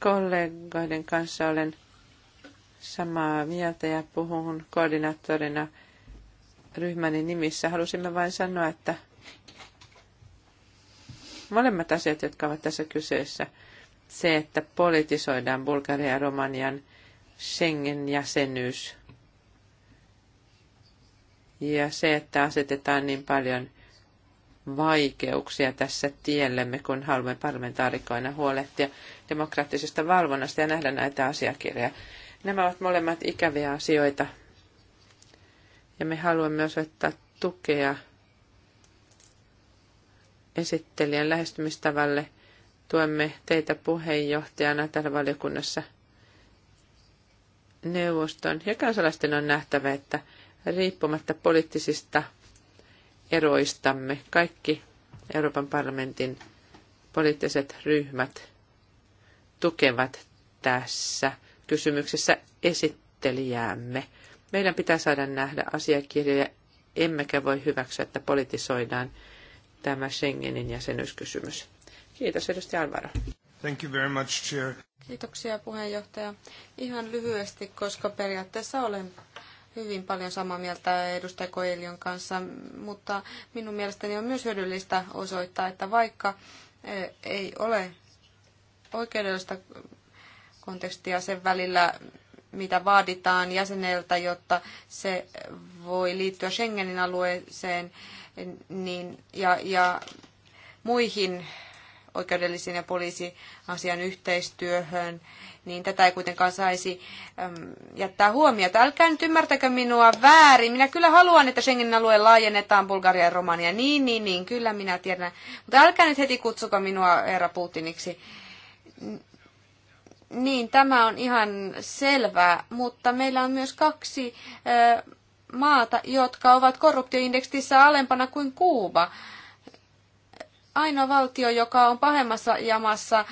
kollegoiden kanssa olen samaa mieltä ja puhun koordinaattorina ryhmäni nimissä. Halusimme vain sanoa, että molemmat asiat, jotka ovat tässä kyseessä, se, että politisoidaan Bulgarian ja Romanian Schengen-jäsenyys – ja se, että asetetaan niin paljon vaikeuksia tässä tiellemme, kun haluamme parlamentaarikoina huolehtia demokraattisesta valvonnasta ja nähdä näitä asiakirjoja. Nämä ovat molemmat ikäviä asioita. Ja me haluamme myös ottaa tukea esittelijän lähestymistavalle. Tuemme teitä puheenjohtajana täällä valiokunnassa neuvoston ja kansalaisten on nähtävä, että riippumatta poliittisista eroistamme, kaikki Euroopan parlamentin poliittiset ryhmät tukevat tässä kysymyksessä esittelijäämme. Meidän pitää saada nähdä asiakirjoja, emmekä voi hyväksyä, että politisoidaan tämä Schengenin jäsenyyskysymys. Kiitos edustaja Alvaro. Thank you very much, Chair. Kiitoksia puheenjohtaja. Ihan lyhyesti, koska periaatteessa olen hyvin paljon samaa mieltä edustaja Koelion kanssa, mutta minun mielestäni on myös hyödyllistä osoittaa, että vaikka e, ei ole oikeudellista kontekstia sen välillä, mitä vaaditaan jäseneltä, jotta se voi liittyä Schengenin alueeseen niin, ja, ja muihin oikeudellisiin ja poliisiasian yhteistyöhön, niin tätä ei kuitenkaan saisi jättää huomiota. Älkää nyt ymmärtäkö minua väärin. Minä kyllä haluan, että Schengenin alue laajennetaan Bulgaria ja Romania. Niin, niin, niin, kyllä minä tiedän. Mutta älkää nyt heti kutsuko minua herra Putiniksi. Niin, tämä on ihan selvää, mutta meillä on myös kaksi maata, jotka ovat korruptioindeksissä alempana kuin Kuuba ainoa valtio, joka on pahemmassa jamassa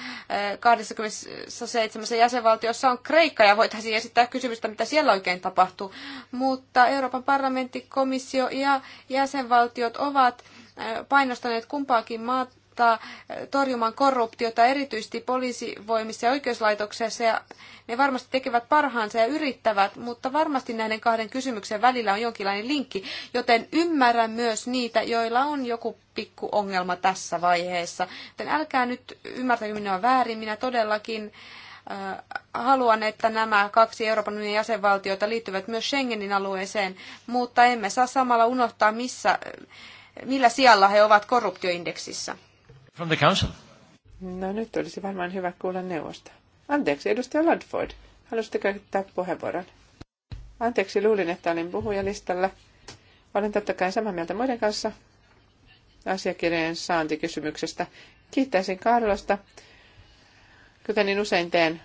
27 eh, jäsenvaltiossa on Kreikka ja voitaisiin esittää kysymystä, mitä siellä oikein tapahtuu. Mutta Euroopan parlamentti, komissio ja jäsenvaltiot ovat eh, painostaneet kumpaakin maata auttaa eh, torjumaan korruptiota erityisesti poliisivoimissa ja oikeuslaitoksessa. Ja ne varmasti tekevät parhaansa ja yrittävät, mutta varmasti näiden kahden kysymyksen välillä on jonkinlainen linkki, joten ymmärrän myös niitä, joilla on joku pikku ongelma tässä vaiheessa. Joten älkää nyt ymmärtäkö minua väärin, minä todellakin eh, haluan, että nämä kaksi Euroopan unionin jäsenvaltiota liittyvät myös Schengenin alueeseen, mutta emme saa samalla unohtaa, missä, eh, millä sijalla he ovat korruptioindeksissä. From the council. No nyt olisi varmaan hyvä kuulla neuvosta. Anteeksi, edustaja Ladford. Haluaisitteko käyttää puheenvuoron? Anteeksi, luulin, että olin puhujalistalla. Olen totta kai samaa mieltä muiden kanssa asiakirjojen saantikysymyksestä. Kiittäisin Karlosta, kuten niin usein teen.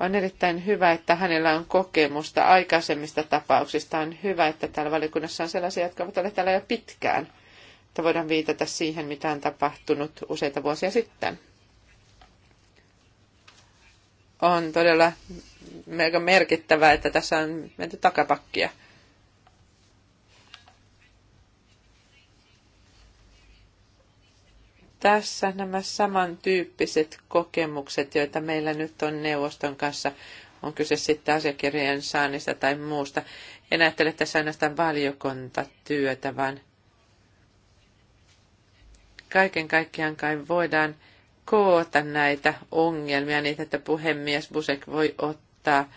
On erittäin hyvä, että hänellä on kokemusta aikaisemmista tapauksista. On hyvä, että täällä valiokunnassa on sellaisia, jotka ovat olleet täällä jo pitkään – että voidaan viitata siihen, mitä on tapahtunut useita vuosia sitten. On todella melko merkittävää, että tässä on menty takapakkia. Tässä nämä samantyyppiset kokemukset, joita meillä nyt on neuvoston kanssa, on kyse sitten asiakirjojen saannista tai muusta. En ajattele tässä ainoastaan valiokuntatyötä, vaan kaiken kaikkiaan kai voidaan koota näitä ongelmia niin, että puhemies Busek voi ottaa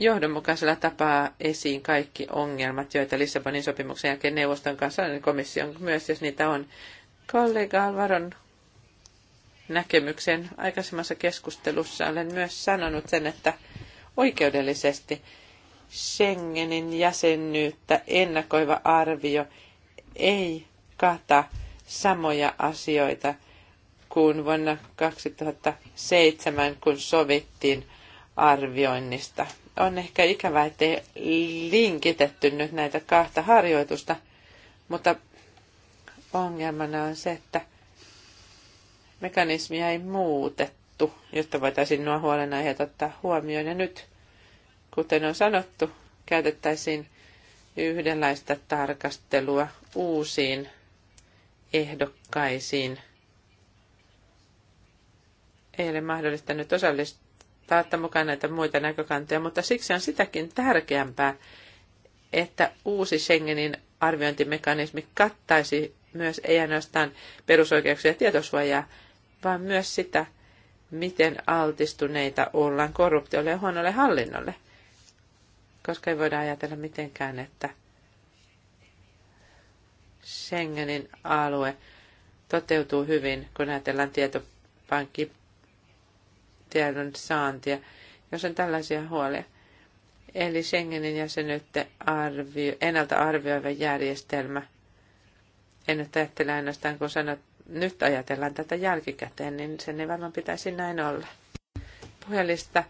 johdonmukaisella tapaa esiin kaikki ongelmat, joita Lissabonin sopimuksen jälkeen neuvoston kanssa ja komission myös, jos niitä on. Kollega Alvaron näkemyksen aikaisemmassa keskustelussa olen myös sanonut sen, että oikeudellisesti Schengenin jäsenyyttä ennakoiva arvio ei kata samoja asioita kuin vuonna 2007, kun sovittiin arvioinnista. On ehkä ikävä, ettei linkitetty nyt näitä kahta harjoitusta, mutta ongelmana on se, että mekanismia ei muutettu, jotta voitaisiin nuo huolenaiheet ottaa huomioon. Ja nyt, kuten on sanottu, käytettäisiin yhdenlaista tarkastelua uusiin ehdokkaisiin ei ole mahdollista nyt osallistaa että mukaan näitä muita näkökantoja, mutta siksi on sitäkin tärkeämpää, että uusi Schengenin arviointimekanismi kattaisi myös ei ainoastaan perusoikeuksia ja tietosuojaa, vaan myös sitä, miten altistuneita ollaan korruptiolle ja huonolle hallinnolle. Koska ei voida ajatella mitenkään, että – Schengenin alue toteutuu hyvin, kun ajatellaan tietopankkitiedon saantia, jos on tällaisia huolia. Eli Schengenin jäsenyyttä arvio, ennalta arvioiva järjestelmä. En nyt ajattele ainoastaan, kun sanot, nyt ajatellaan tätä jälkikäteen, niin sen ei varmaan pitäisi näin olla. Puhelista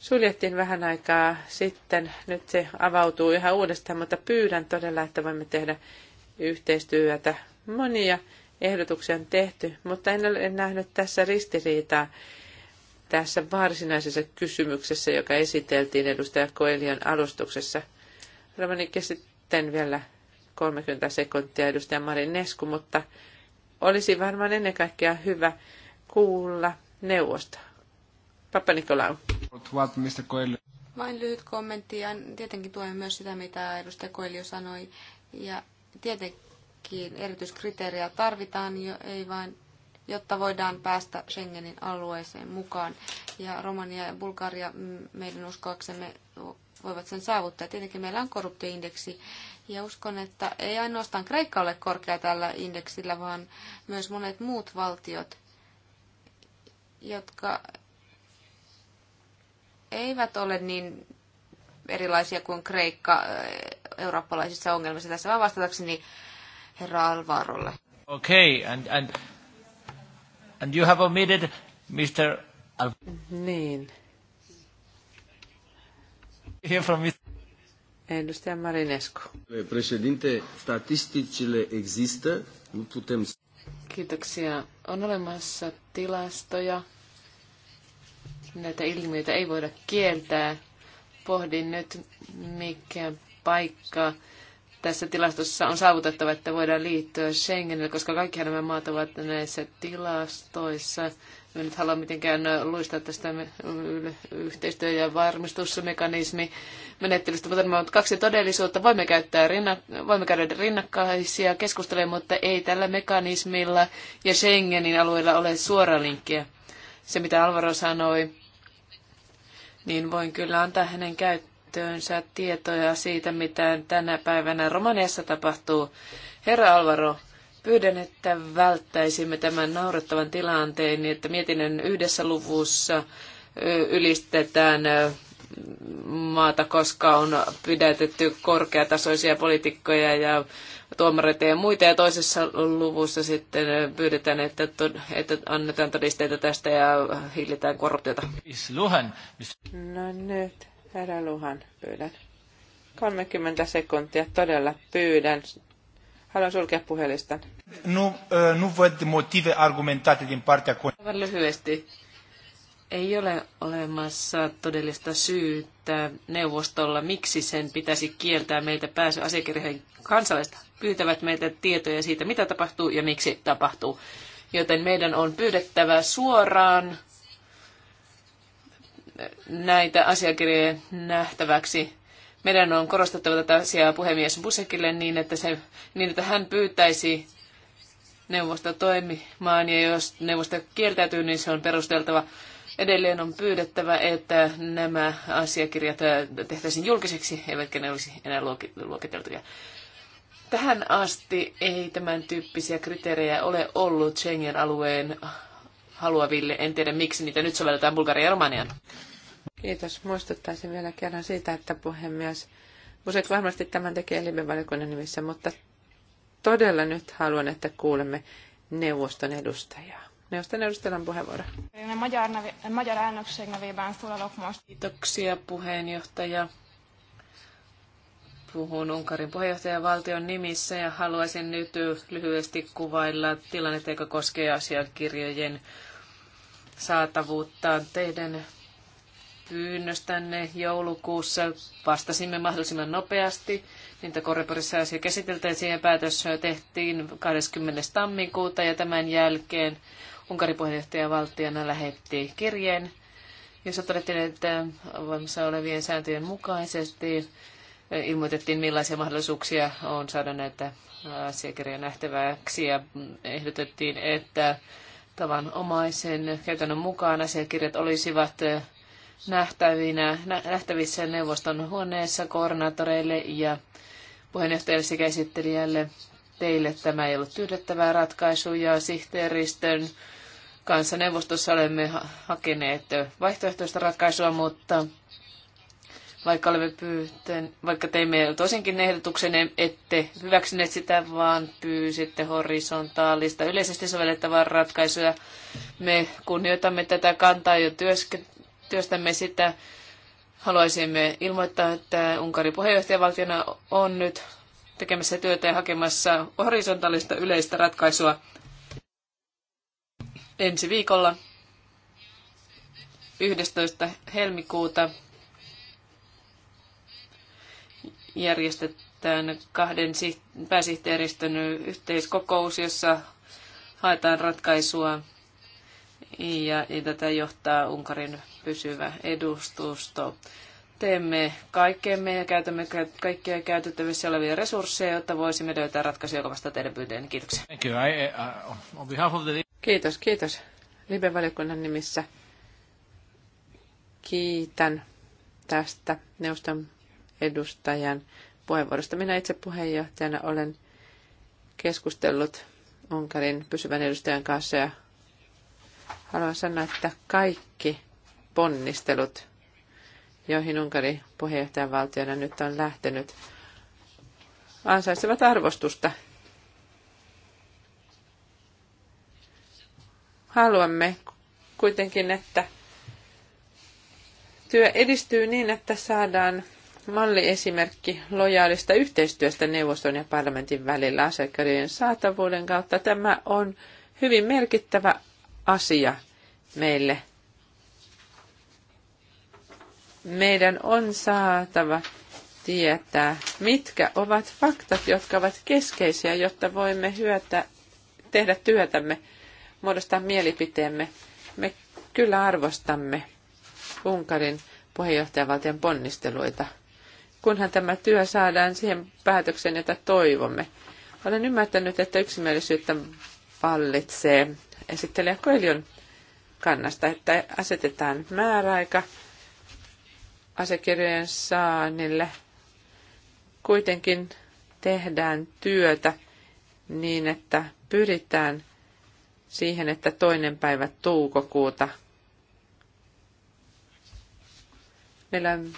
suljettiin vähän aikaa sitten. Nyt se avautuu yhä uudestaan, mutta pyydän todella, että voimme tehdä yhteistyötä. Monia ehdotuksia on tehty, mutta en ole nähnyt tässä ristiriitaa tässä varsinaisessa kysymyksessä, joka esiteltiin edustaja Koelion alustuksessa. Romanikki sitten vielä 30 sekuntia edustaja Marin Nesku, mutta olisi varmaan ennen kaikkea hyvä kuulla neuvosta. Pappa Nikolau. Vain lyhyt kommentti ja tietenkin tuen myös sitä, mitä edustaja Koelio sanoi. Ja Tietenkin erityiskriteeriä tarvitaan, jo, ei vain jotta voidaan päästä Schengenin alueeseen mukaan. Ja Romania ja Bulgaria mm, meidän uskoaksemme voivat sen saavuttaa. Tietenkin meillä on korruptioindeksi ja uskon, että ei ainoastaan Kreikka ole korkea tällä indeksillä, vaan myös monet muut valtiot, jotka eivät ole niin erilaisia kuin Kreikka, eurooppalaisissa ongelmissa. Tässä vaan vastatakseni herra Alvarolle. Okay, and, and, and you have omitted Mr. Al- niin. Here from Mr. Edustaja Marinescu. Presidente, statisticile există, nu putem... Kiitoksia. On olemassa tilastoja. Näitä ilmiöitä ei voida kieltää. Pohdin nyt, mikä paikka tässä tilastossa on saavutettava, että voidaan liittyä Schengenille, koska kaikki nämä maat ovat näissä tilastoissa. Me nyt haluamme mitenkään luistaa tästä yhteistyö- ja varmistusmekanismi menettelystä, mutta nämä ovat kaksi todellisuutta. Voimme, käyttää rinnak- voimme käydä rinnakkaisia keskusteluja, mutta ei tällä mekanismilla ja Schengenin alueella ole suora linkkiä. Se, mitä Alvaro sanoi, niin voin kyllä antaa hänen käyttöön käyttöönsä tietoja siitä, mitä tänä päivänä Romaniassa tapahtuu. Herra Alvaro, pyydän, että välttäisimme tämän naurettavan tilanteen, niin että mietinnön yhdessä luvussa ylistetään maata, koska on pidätetty korkeatasoisia poliitikkoja ja tuomareita ja muita. Ja toisessa luvussa sitten pyydetään, että, että annetaan todisteita tästä ja hillitään korruptiota. No nyt. Herra Luhan, pyydän. 30 sekuntia, todella pyydän. Haluan sulkea puhelistan. Nu, nu văd motive argumentate din partea... Aivan lyhyesti. Ei ole olemassa todellista syytä neuvostolla, miksi sen pitäisi kieltää meiltä pääsy asiakirjoihin. Kansalaiset pyytävät meiltä tietoja siitä, mitä tapahtuu ja miksi tapahtuu. Joten meidän on pyydettävä suoraan näitä asiakirjoja nähtäväksi. Meidän on korostettava tätä asiaa puhemies Busekille niin, että, se, niin, että hän pyytäisi neuvosta toimimaan ja jos neuvosto kieltäytyy, niin se on perusteltava. Edelleen on pyydettävä, että nämä asiakirjat tehtäisiin julkiseksi, eivätkä ne olisi enää luokiteltuja. Tähän asti ei tämän tyyppisiä kriteerejä ole ollut Schengen-alueen haluaville. En tiedä, miksi niitä nyt sovelletaan Bulgarian ja Romanian. Kiitos. Muistuttaisin vielä kerran siitä, että puhemies Busek varmasti tämän tekee live nimissä, mutta todella nyt haluan, että kuulemme neuvoston edustajaa. Neuvoston edustajan puheenvuoro. Magyar, Kiitoksia puheenjohtaja. Puhun Unkarin valtion nimissä ja haluaisin nyt lyhyesti kuvailla tilannetta, joka koskee asiakirjojen saatavuuttaan teidän pyynnöstänne joulukuussa. Vastasimme mahdollisimman nopeasti. Niitä korreporissa asia käsiteltäisiin ja päätös tehtiin 20. tammikuuta ja tämän jälkeen Unkarin puheenjohtajavaltiona lähetti kirjeen, jossa todettiin, että voimassa olevien sääntöjen mukaisesti ilmoitettiin, millaisia mahdollisuuksia on saada näitä asiakirjoja nähtäväksi ja ehdotettiin, että tavanomaisen käytännön mukaan asiakirjat olisivat eh, nähtävinä, nähtävissä neuvoston huoneessa koordinaattoreille ja puheenjohtajalle sekä esittelijälle. Teille tämä ei ollut tyydyttävää ratkaisu ja sihteeristön kanssa neuvostossa olemme hakeneet vaihtoehtoista ratkaisua, mutta vaikka olemme pyytäneet, vaikka teimme toisenkin ehdotuksen, ette hyväksyneet sitä, vaan pyysitte horisontaalista yleisesti sovellettavaa ratkaisuja. Me kunnioitamme tätä kantaa jo työske, työstämme sitä. Haluaisimme ilmoittaa, että Unkarin puheenjohtajavaltiona on nyt tekemässä työtä ja hakemassa horisontaalista yleistä ratkaisua ensi viikolla 11. helmikuuta järjestetään kahden pääsihteeristön yhteiskokous, jossa haetaan ratkaisua ja, ja tätä johtaa Unkarin pysyvä edustusto. Teemme kaikkemme ja käytämme kaikkia käytettävissä olevia resursseja, jotta voisimme löytää ratkaisuja, joka vastaa teidän pyyteen. Kiitoksia. Thank you. I, uh, uh on behalf of the... Kiitos, kiitos. Libe-valiokunnan nimissä kiitän tästä neuvoston edustajan puheenvuorosta. Minä itse puheenjohtajana olen keskustellut Unkarin pysyvän edustajan kanssa ja haluan sanoa, että kaikki ponnistelut, joihin Unkari puheenjohtajavaltiona nyt on lähtenyt, ansaitsevat arvostusta. Haluamme kuitenkin, että työ edistyy niin, että saadaan malliesimerkki lojaalista yhteistyöstä neuvoston ja parlamentin välillä asiakirjojen saatavuuden kautta. Tämä on hyvin merkittävä asia meille. Meidän on saatava tietää, mitkä ovat faktat, jotka ovat keskeisiä, jotta voimme hyötä, tehdä työtämme, muodostaa mielipiteemme. Me kyllä arvostamme Unkarin puheenjohtajavaltion ponnisteluita – kunhan tämä työ saadaan siihen päätökseen, jota toivomme. Olen ymmärtänyt, että yksimielisyyttä vallitsee esittelijä Koelion kannasta, että asetetaan määräaika asekirjojen saannille. Kuitenkin tehdään työtä niin, että pyritään siihen, että toinen päivä toukokuuta meillä on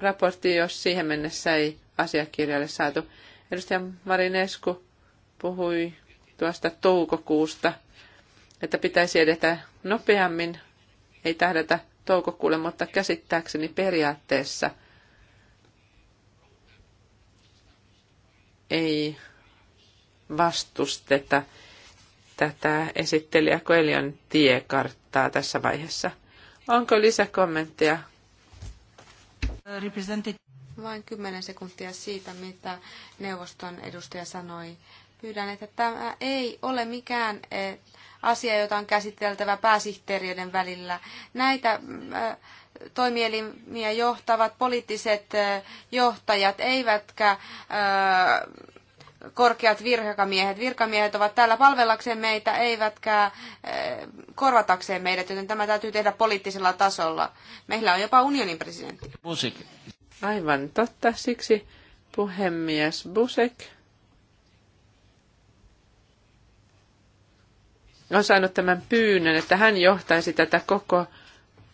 raportti, jos siihen mennessä ei asiakirjalle saatu. Edustaja Marinesku puhui tuosta toukokuusta, että pitäisi edetä nopeammin, ei tähdätä toukokuulle, mutta käsittääkseni periaatteessa ei vastusteta tätä esittelijä Koelion tiekarttaa tässä vaiheessa. Onko lisäkommentteja vain kymmenen sekuntia siitä, mitä neuvoston edustaja sanoi. Pyydän, että tämä ei ole mikään eh, asia, jota on käsiteltävä pääsihteeriöiden välillä. Näitä eh, toimielimiä johtavat poliittiset eh, johtajat eivätkä korkeat virkamiehet. Virkamiehet ovat täällä palvellakseen meitä, eivätkä eh, korvatakseen meidät, joten tämä täytyy tehdä poliittisella tasolla. Meillä on jopa unionin presidentti. Busek. Aivan totta, siksi puhemies Busek on saanut tämän pyynnön, että hän johtaisi tätä koko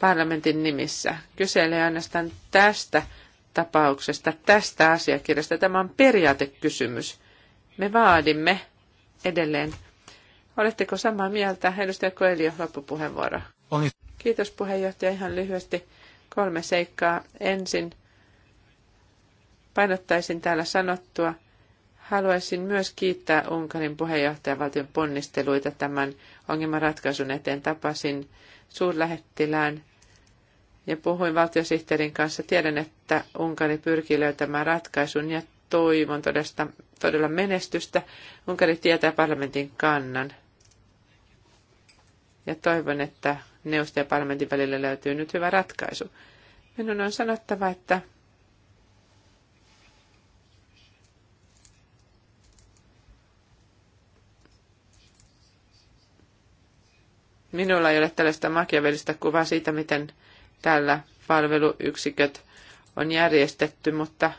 parlamentin nimissä. Kyse ei ainoastaan tästä tapauksesta, tästä asiakirjasta. Tämä on periaatekysymys me vaadimme edelleen. Oletteko samaa mieltä? Edustaja Koelio, loppupuheenvuoro. Oli. Kiitos puheenjohtaja. Ihan lyhyesti kolme seikkaa. Ensin painottaisin täällä sanottua. Haluaisin myös kiittää Unkarin puheenjohtajavaltion ponnisteluita tämän ongelmanratkaisun eteen. Tapasin suurlähettilään ja puhuin valtiosihteerin kanssa. Tiedän, että Unkari pyrkii löytämään ratkaisun ja toivon todesta, todella menestystä. Unkari tietää parlamentin kannan. Ja toivon, että neuvosto ja parlamentin välillä löytyy nyt hyvä ratkaisu. Minun on sanottava, että minulla ei ole tällaista makiavelista kuvaa siitä, miten täällä palveluyksiköt on järjestetty, mutta –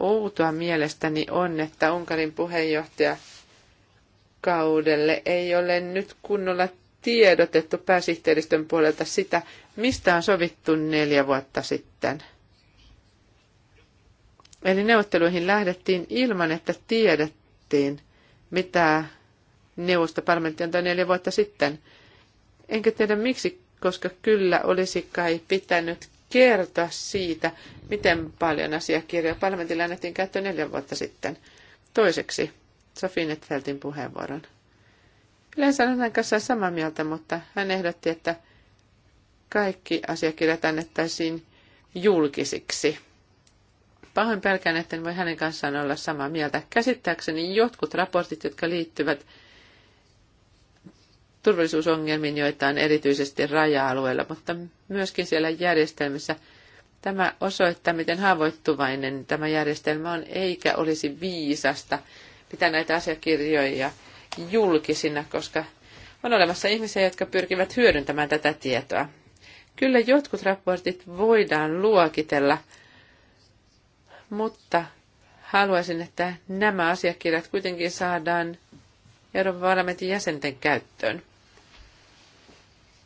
outoa mielestäni on, että Unkarin puheenjohtaja kaudelle ei ole nyt kunnolla tiedotettu pääsihteeristön puolelta sitä, mistä on sovittu neljä vuotta sitten. Eli neuvotteluihin lähdettiin ilman, että tiedettiin, mitä neuvosto parlamentti antoi neljä vuotta sitten. Enkä tiedä miksi, koska kyllä olisi kai pitänyt kertoa siitä, miten paljon asiakirjoja parlamentille annettiin käyttöön neljä vuotta sitten. Toiseksi Sofi Netfeltin puheenvuoron. Yleensä olen hänen kanssaan samaa mieltä, mutta hän ehdotti, että kaikki asiakirjat annettaisiin julkisiksi. Pahoin pelkään, etten voi hänen kanssaan olla samaa mieltä. Käsittääkseni jotkut raportit, jotka liittyvät turvallisuusongelmiin, joita on erityisesti raja-alueella, mutta myöskin siellä järjestelmissä. Tämä osoittaa, miten haavoittuvainen tämä järjestelmä on, eikä olisi viisasta pitää näitä asiakirjoja julkisina, koska on olemassa ihmisiä, jotka pyrkivät hyödyntämään tätä tietoa. Kyllä jotkut raportit voidaan luokitella, mutta haluaisin, että nämä asiakirjat kuitenkin saadaan Euroopan parlamentin jäsenten käyttöön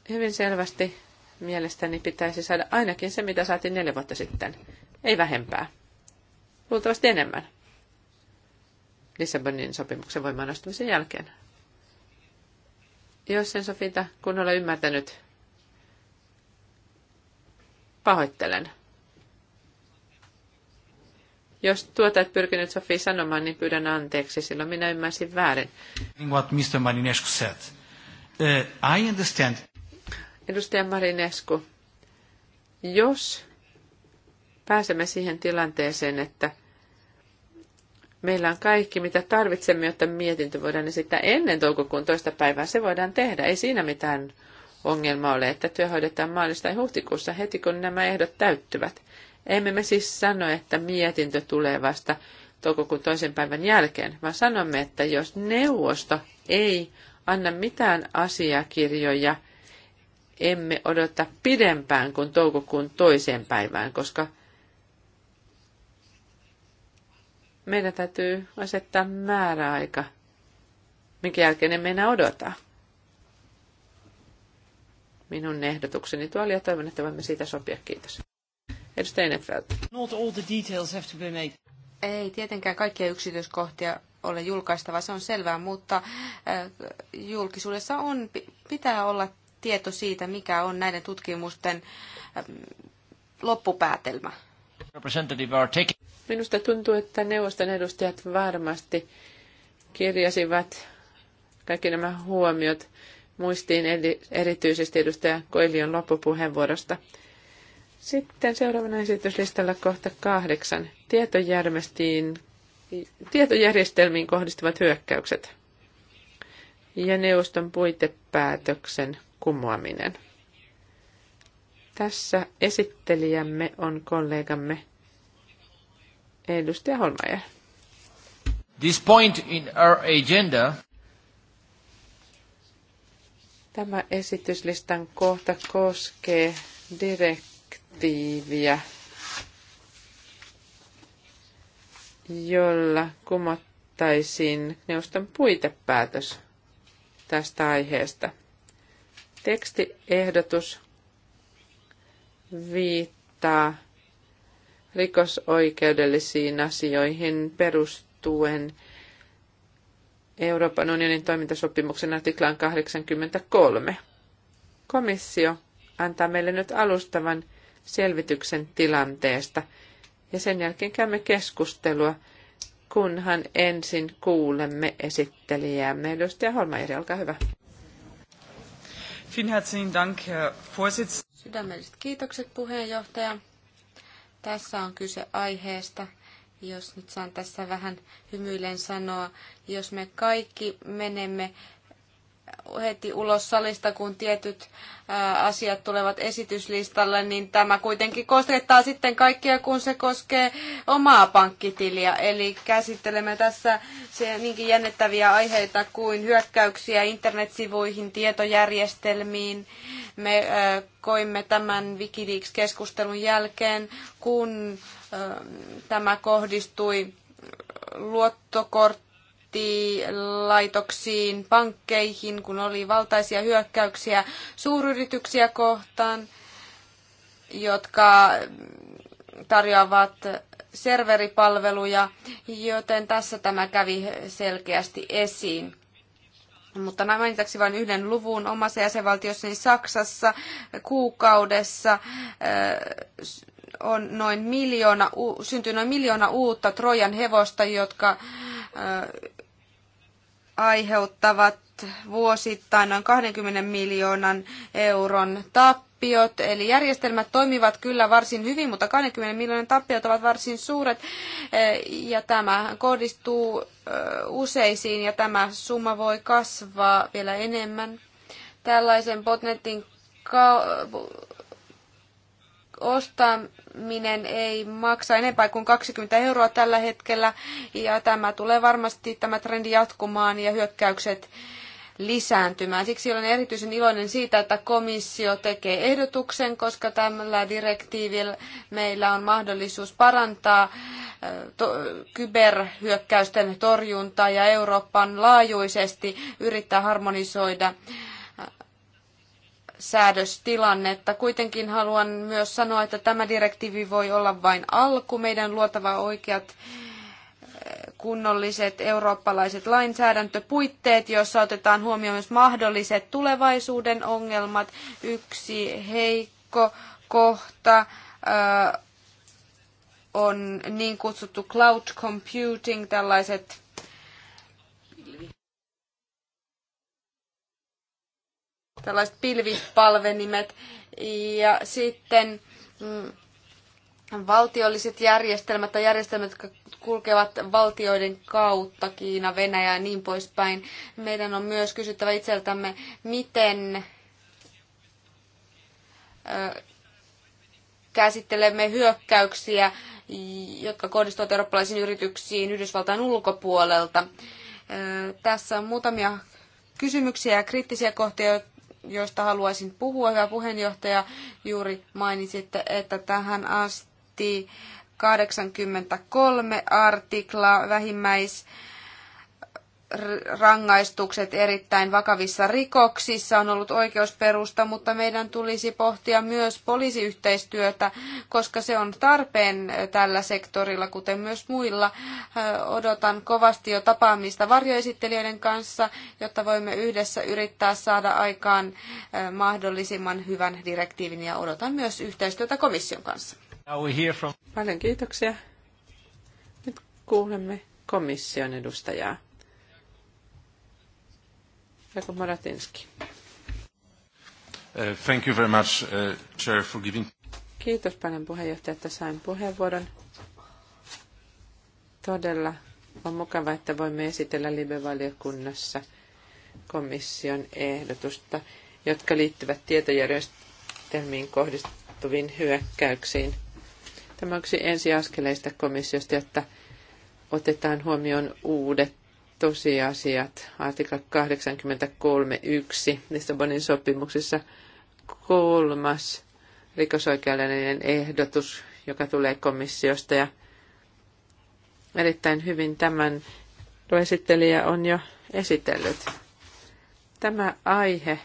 hyvin selvästi mielestäni pitäisi saada ainakin se, mitä saatiin neljä vuotta sitten. Ei vähempää. Luultavasti enemmän. Lissabonin sopimuksen voimaan astumisen jälkeen. Jos en Sofita olen ymmärtänyt, pahoittelen. Jos tuota et pyrkinyt Sofi sanomaan, niin pyydän anteeksi, silloin minä ymmärsin väärin. What Mr. Marinescu said. Uh, I understand Edustaja Marinesku, jos pääsemme siihen tilanteeseen, että meillä on kaikki, mitä tarvitsemme, jotta mietintö voidaan esittää ennen toukokuun toista päivää, se voidaan tehdä. Ei siinä mitään ongelma ole, että työ hoidetaan maalis- tai huhtikuussa heti, kun nämä ehdot täyttyvät. Emme me siis sano, että mietintö tulee vasta toukokuun toisen päivän jälkeen, vaan sanomme, että jos neuvosto ei anna mitään asiakirjoja emme odota pidempään kuin toukokuun toiseen päivään, koska meidän täytyy asettaa määräaika, minkä jälkeen emme enää odota. Minun ehdotukseni tuoli ja toivon, että voimme siitä sopia. Kiitos. Edustaja Enetfeldt. Not all the details have to be made. Ei tietenkään kaikkia yksityiskohtia ole julkaistava, se on selvää, mutta äh, julkisuudessa on, pitää olla tieto siitä, mikä on näiden tutkimusten ähm, loppupäätelmä? Minusta tuntuu, että neuvoston edustajat varmasti kirjasivat kaikki nämä huomiot muistiin erityisesti edustaja Koilion loppupuheenvuorosta. Sitten seuraavana esityslistalla kohta kahdeksan. Tietojärjestelmiin, kohdistuvat hyökkäykset ja neuvoston puitepäätöksen kumoaminen. Tässä esittelijämme on kollegamme edustaja Holmajer. This point in our agenda. Tämä esityslistan kohta koskee direktiiviä, jolla kumottaisiin neuvoston puitepäätös tästä aiheesta – Tekstiehdotus viittaa rikosoikeudellisiin asioihin perustuen Euroopan unionin toimintasopimuksen artiklaan 83. Komissio antaa meille nyt alustavan selvityksen tilanteesta ja sen jälkeen käymme keskustelua, kunhan ensin kuulemme esittelijäämme. Edustaja Holmajeri, olkaa hyvä. Vielen herzlichen Dank, Herr Vorsitz. Sydämelliset kiitokset puheenjohtaja. Tässä on kyse aiheesta, jos nyt saan tässä vähän hymyilen sanoa, jos me kaikki menemme heti ulos salista, kun tietyt asiat tulevat esityslistalle, niin tämä kuitenkin koskettaa sitten kaikkia, kun se koskee omaa pankkitiliä. Eli käsittelemme tässä se niinkin jännittäviä aiheita kuin hyökkäyksiä internetsivuihin, tietojärjestelmiin. Me koimme tämän Wikileaks-keskustelun jälkeen, kun tämä kohdistui luottokortti finanssilaitoksiin, pankkeihin, kun oli valtaisia hyökkäyksiä suuryrityksiä kohtaan, jotka tarjoavat serveripalveluja, joten tässä tämä kävi selkeästi esiin. Mutta mainitaksi vain yhden luvun omassa jäsenvaltiossani Saksassa kuukaudessa äh, on noin miljoona, syntyi noin miljoona uutta Trojan hevosta, jotka aiheuttavat vuosittain noin 20 miljoonan euron tappiot. Eli järjestelmät toimivat kyllä varsin hyvin, mutta 20 miljoonan tappiot ovat varsin suuret ja tämä kohdistuu useisiin ja tämä summa voi kasvaa vielä enemmän. Tällaisen botnetin ostaminen ei maksa enempää kuin 20 euroa tällä hetkellä ja tämä tulee varmasti tämä trendi jatkumaan ja hyökkäykset lisääntymään. Siksi olen erityisen iloinen siitä, että komissio tekee ehdotuksen, koska tällä direktiivillä meillä on mahdollisuus parantaa kyberhyökkäysten torjuntaa ja Euroopan laajuisesti yrittää harmonisoida säädöstilannetta. Kuitenkin haluan myös sanoa, että tämä direktiivi voi olla vain alku. Meidän luotava oikeat eh, kunnolliset eurooppalaiset lainsäädäntöpuitteet, joissa otetaan huomioon myös mahdolliset tulevaisuuden ongelmat. Yksi heikko kohta eh, on niin kutsuttu cloud computing, tällaiset tällaiset pilvipalvenimet ja sitten mm, valtiolliset järjestelmät tai järjestelmät, jotka kulkevat valtioiden kautta, Kiina, Venäjä ja niin poispäin. Meidän on myös kysyttävä itseltämme, miten käsittelemme hyökkäyksiä, jotka kohdistuvat eurooppalaisiin yrityksiin Yhdysvaltain ulkopuolelta. Tässä on muutamia kysymyksiä ja kriittisiä kohtia, joista haluaisin puhua. Hyvä puheenjohtaja, juuri mainitsitte, että tähän asti 83 artikla vähimmäis rangaistukset erittäin vakavissa rikoksissa on ollut oikeusperusta, mutta meidän tulisi pohtia myös poliisiyhteistyötä, koska se on tarpeen tällä sektorilla, kuten myös muilla. Odotan kovasti jo tapaamista varjoesittelijöiden kanssa, jotta voimme yhdessä yrittää saada aikaan mahdollisimman hyvän direktiivin ja odotan myös yhteistyötä komission kanssa. Paljon kiitoksia. Nyt kuulemme komission edustajaa. Uh, thank you very much, uh, Chair, for giving... Kiitos paljon puheenjohtaja, että sain puheenvuoron. Todella on mukava, että voimme esitellä live-valiokunnassa komission ehdotusta, jotka liittyvät tietojärjestelmiin kohdistuviin hyökkäyksiin. Tämä on yksi ensiaskeleista komissiosta, jotta otetaan huomioon uudet tosiasiat, artikla 83.1 Lissabonin sopimuksessa kolmas rikosoikeudellinen ehdotus, joka tulee komissiosta ja erittäin hyvin tämän esittelijä on jo esitellyt. Tämä aihe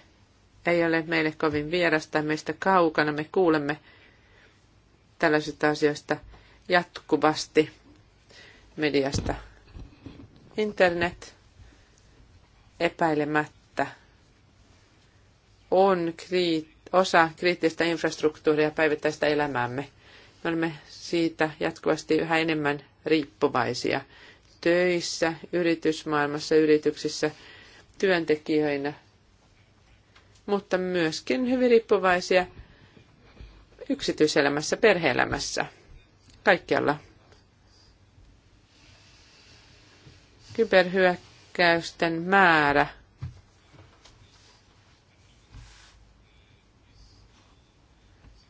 ei ole meille kovin vierasta, meistä kaukana, me kuulemme tällaisista asioista jatkuvasti mediasta Internet epäilemättä on kriit- osa kriittistä infrastruktuuria päivittäistä elämäämme. Me olemme siitä jatkuvasti yhä enemmän riippuvaisia töissä, yritysmaailmassa, yrityksissä, työntekijöinä, mutta myöskin hyvin riippuvaisia yksityiselämässä, perheelämässä, kaikkialla Kyberhyökkäysten määrä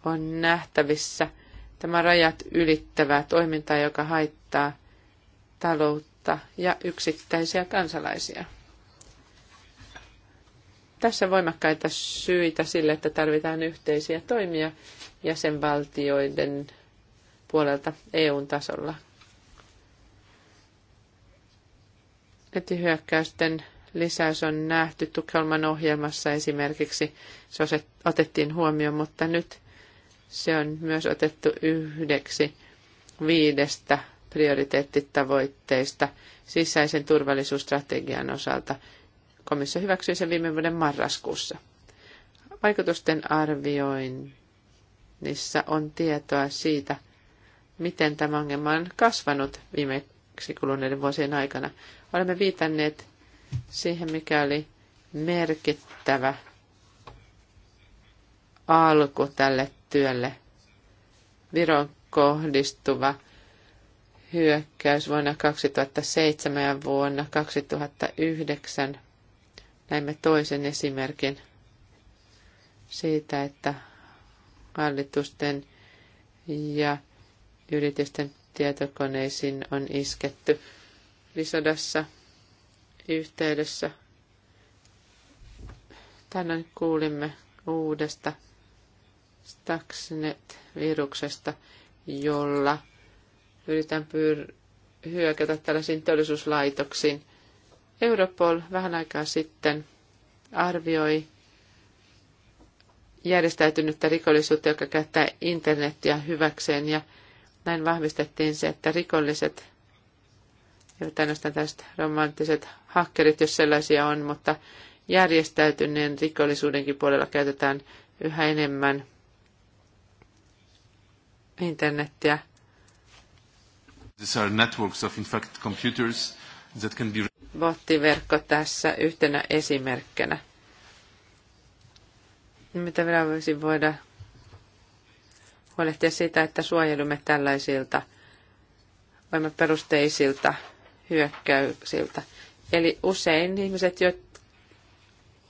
on nähtävissä. Tämä rajat ylittävää toimintaa, joka haittaa taloutta ja yksittäisiä kansalaisia. Tässä voimakkaita syitä sille, että tarvitaan yhteisiä toimia jäsenvaltioiden puolelta eu tasolla nettihyökkäysten lisäys on nähty Tukholman ohjelmassa esimerkiksi. Se otettiin huomioon, mutta nyt se on myös otettu yhdeksi viidestä prioriteettitavoitteista sisäisen turvallisuusstrategian osalta. Komissio hyväksyi sen viime vuoden marraskuussa. Vaikutusten arvioinnissa on tietoa siitä, miten tämä ongelma on kasvanut viime kuluneiden vuosien aikana. Olemme viitanneet siihen, mikä oli merkittävä alku tälle työlle. Viron kohdistuva hyökkäys vuonna 2007 ja vuonna 2009 näimme toisen esimerkin siitä, että hallitusten ja yritysten tietokoneisiin on isketty lisodassa yhteydessä. Tänään kuulimme uudesta Stuxnet-viruksesta, jolla yritän pyr- hyökätä tällaisiin teollisuuslaitoksiin. Europol vähän aikaa sitten arvioi järjestäytynyttä rikollisuutta, joka käyttää internettiä hyväkseen ja näin vahvistettiin se, että rikolliset, eivät ainoastaan tästä romanttiset hakkerit, jos sellaisia on, mutta järjestäytyneen rikollisuudenkin puolella käytetään yhä enemmän internettiä. These are networks of, in fact, computers that can be... Bottiverkko tässä yhtenä esimerkkinä. Mitä vielä voisin voida huolehtia siitä, että suojelumme tällaisilta voimaperusteisilta hyökkäyksiltä. Eli usein ihmiset,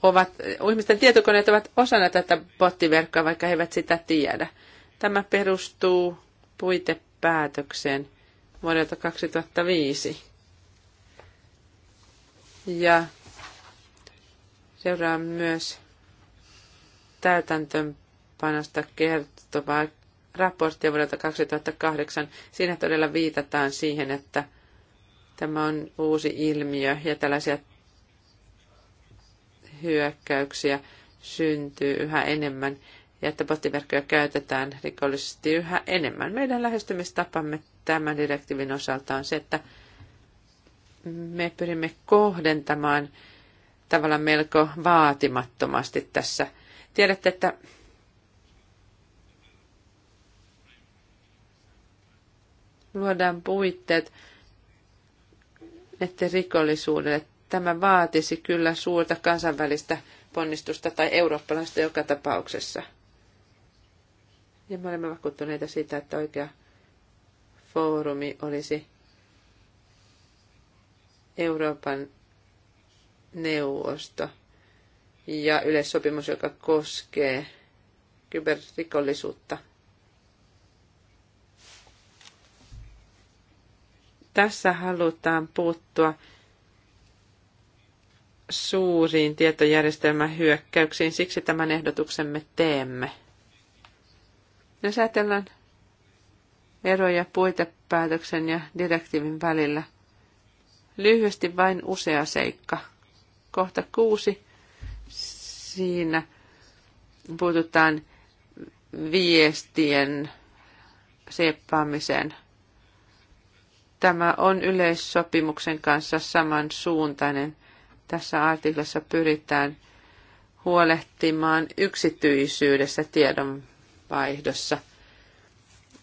ovat, ihmisten tietokoneet ovat osana tätä bottiverkkoa, vaikka he eivät sitä tiedä. Tämä perustuu puitepäätökseen vuodelta 2005. Ja seuraa myös täytäntöönpanosta kertovaa raporttia vuodelta 2008. Siinä todella viitataan siihen, että tämä on uusi ilmiö ja tällaisia hyökkäyksiä syntyy yhä enemmän ja että bottiverkkoja käytetään rikollisesti yhä enemmän. Meidän lähestymistapamme tämän direktiivin osalta on se, että me pyrimme kohdentamaan tavallaan melko vaatimattomasti tässä. Tiedätte, että luodaan puitteet, ettei rikollisuudelle. Tämä vaatisi kyllä suurta kansainvälistä ponnistusta tai eurooppalaista joka tapauksessa. Ja me olemme vakuuttuneita siitä, että oikea foorumi olisi Euroopan neuvosto ja yleissopimus, joka koskee kyberrikollisuutta – Tässä halutaan puuttua suuriin tietojärjestelmähyökkäyksiin, siksi tämän ehdotuksemme teemme. Jos ajatellaan eroja puitepäätöksen ja direktiivin välillä, lyhyesti vain usea seikka. Kohta kuusi. Siinä puututaan viestien seppaamiseen tämä on yleissopimuksen kanssa samansuuntainen. Tässä artiklassa pyritään huolehtimaan yksityisyydessä tiedonvaihdossa,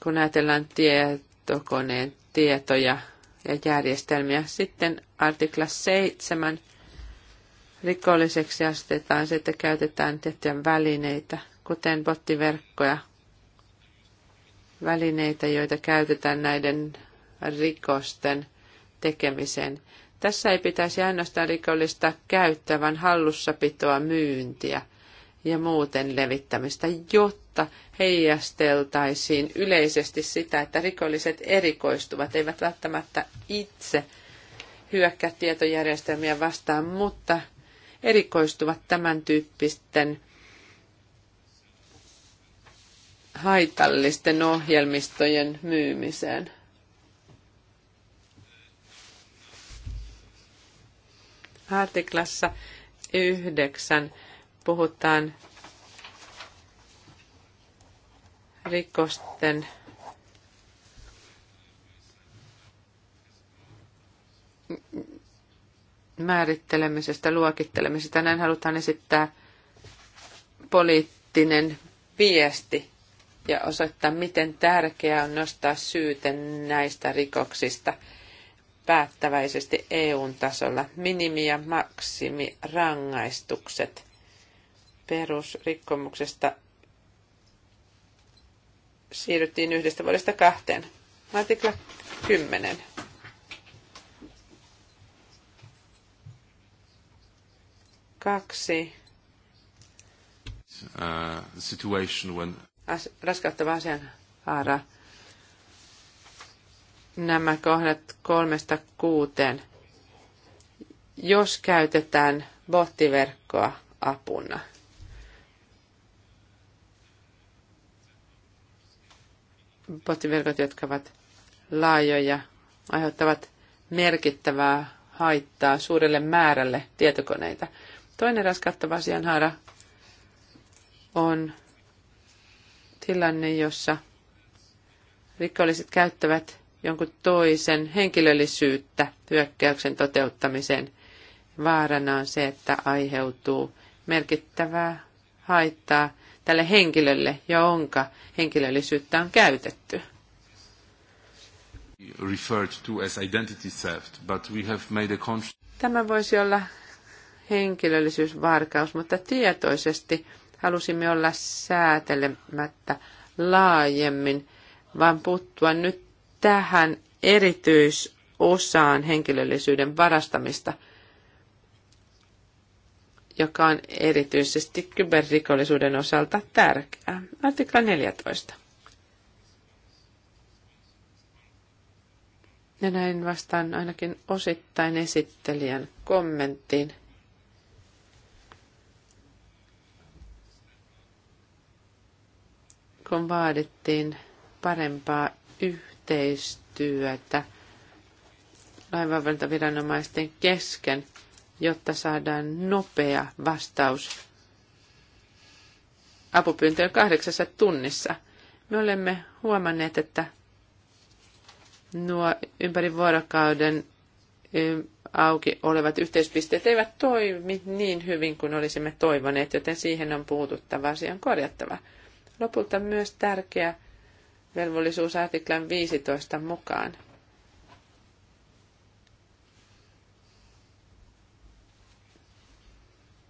kun ajatellaan tietokoneen tietoja ja järjestelmiä. Sitten artikla 7. Rikolliseksi asetetaan se, että käytetään tiettyjä välineitä, kuten bottiverkkoja, välineitä, joita käytetään näiden rikosten tekemiseen. Tässä ei pitäisi ainoastaan rikollista käyttävän hallussapitoa myyntiä ja muuten levittämistä, jotta heijasteltaisiin yleisesti sitä, että rikolliset erikoistuvat, eivät välttämättä itse hyökkää tietojärjestelmiä vastaan, mutta erikoistuvat tämän tyyppisten haitallisten ohjelmistojen myymiseen. Artiklassa yhdeksän puhutaan rikosten määrittelemisestä, luokittelemisesta. Näin halutaan esittää poliittinen viesti ja osoittaa, miten tärkeää on nostaa syyte näistä rikoksista – päättäväisesti EUn tasolla minimi- ja maksimirangaistukset perusrikkomuksesta siirryttiin yhdestä vuodesta kahteen. Artikla 10. Kaksi. Uh, situation when... As, raskauttava asian nämä kohdat kolmesta kuuteen, jos käytetään bottiverkkoa apuna. Bottiverkot, jotka ovat laajoja, aiheuttavat merkittävää haittaa suurelle määrälle tietokoneita. Toinen raskattava asianhaara on tilanne, jossa rikolliset käyttävät jonkun toisen henkilöllisyyttä hyökkäyksen toteuttamiseen. Vaarana on se, että aiheutuu merkittävää haittaa tälle henkilölle, ja henkilöllisyyttä on käytetty. Tämä voisi olla henkilöllisyysvarkaus, mutta tietoisesti halusimme olla säätelemättä laajemmin, vaan puuttua nyt tähän erityisosaan henkilöllisyyden varastamista, joka on erityisesti kyberrikollisuuden osalta tärkeää. Artikla 14. Ja näin vastaan ainakin osittain esittelijän kommenttiin. Kun vaadittiin parempaa yhteyttä yhteistyötä laivanvaltaviranomaisten kesken, jotta saadaan nopea vastaus apupyyntöön kahdeksassa tunnissa. Me olemme huomanneet, että nuo ympäri vuorokauden auki olevat yhteispisteet eivät toimi niin hyvin kuin olisimme toivoneet, joten siihen on puututtava asian korjattava. Lopulta myös tärkeää velvollisuus 15 mukaan.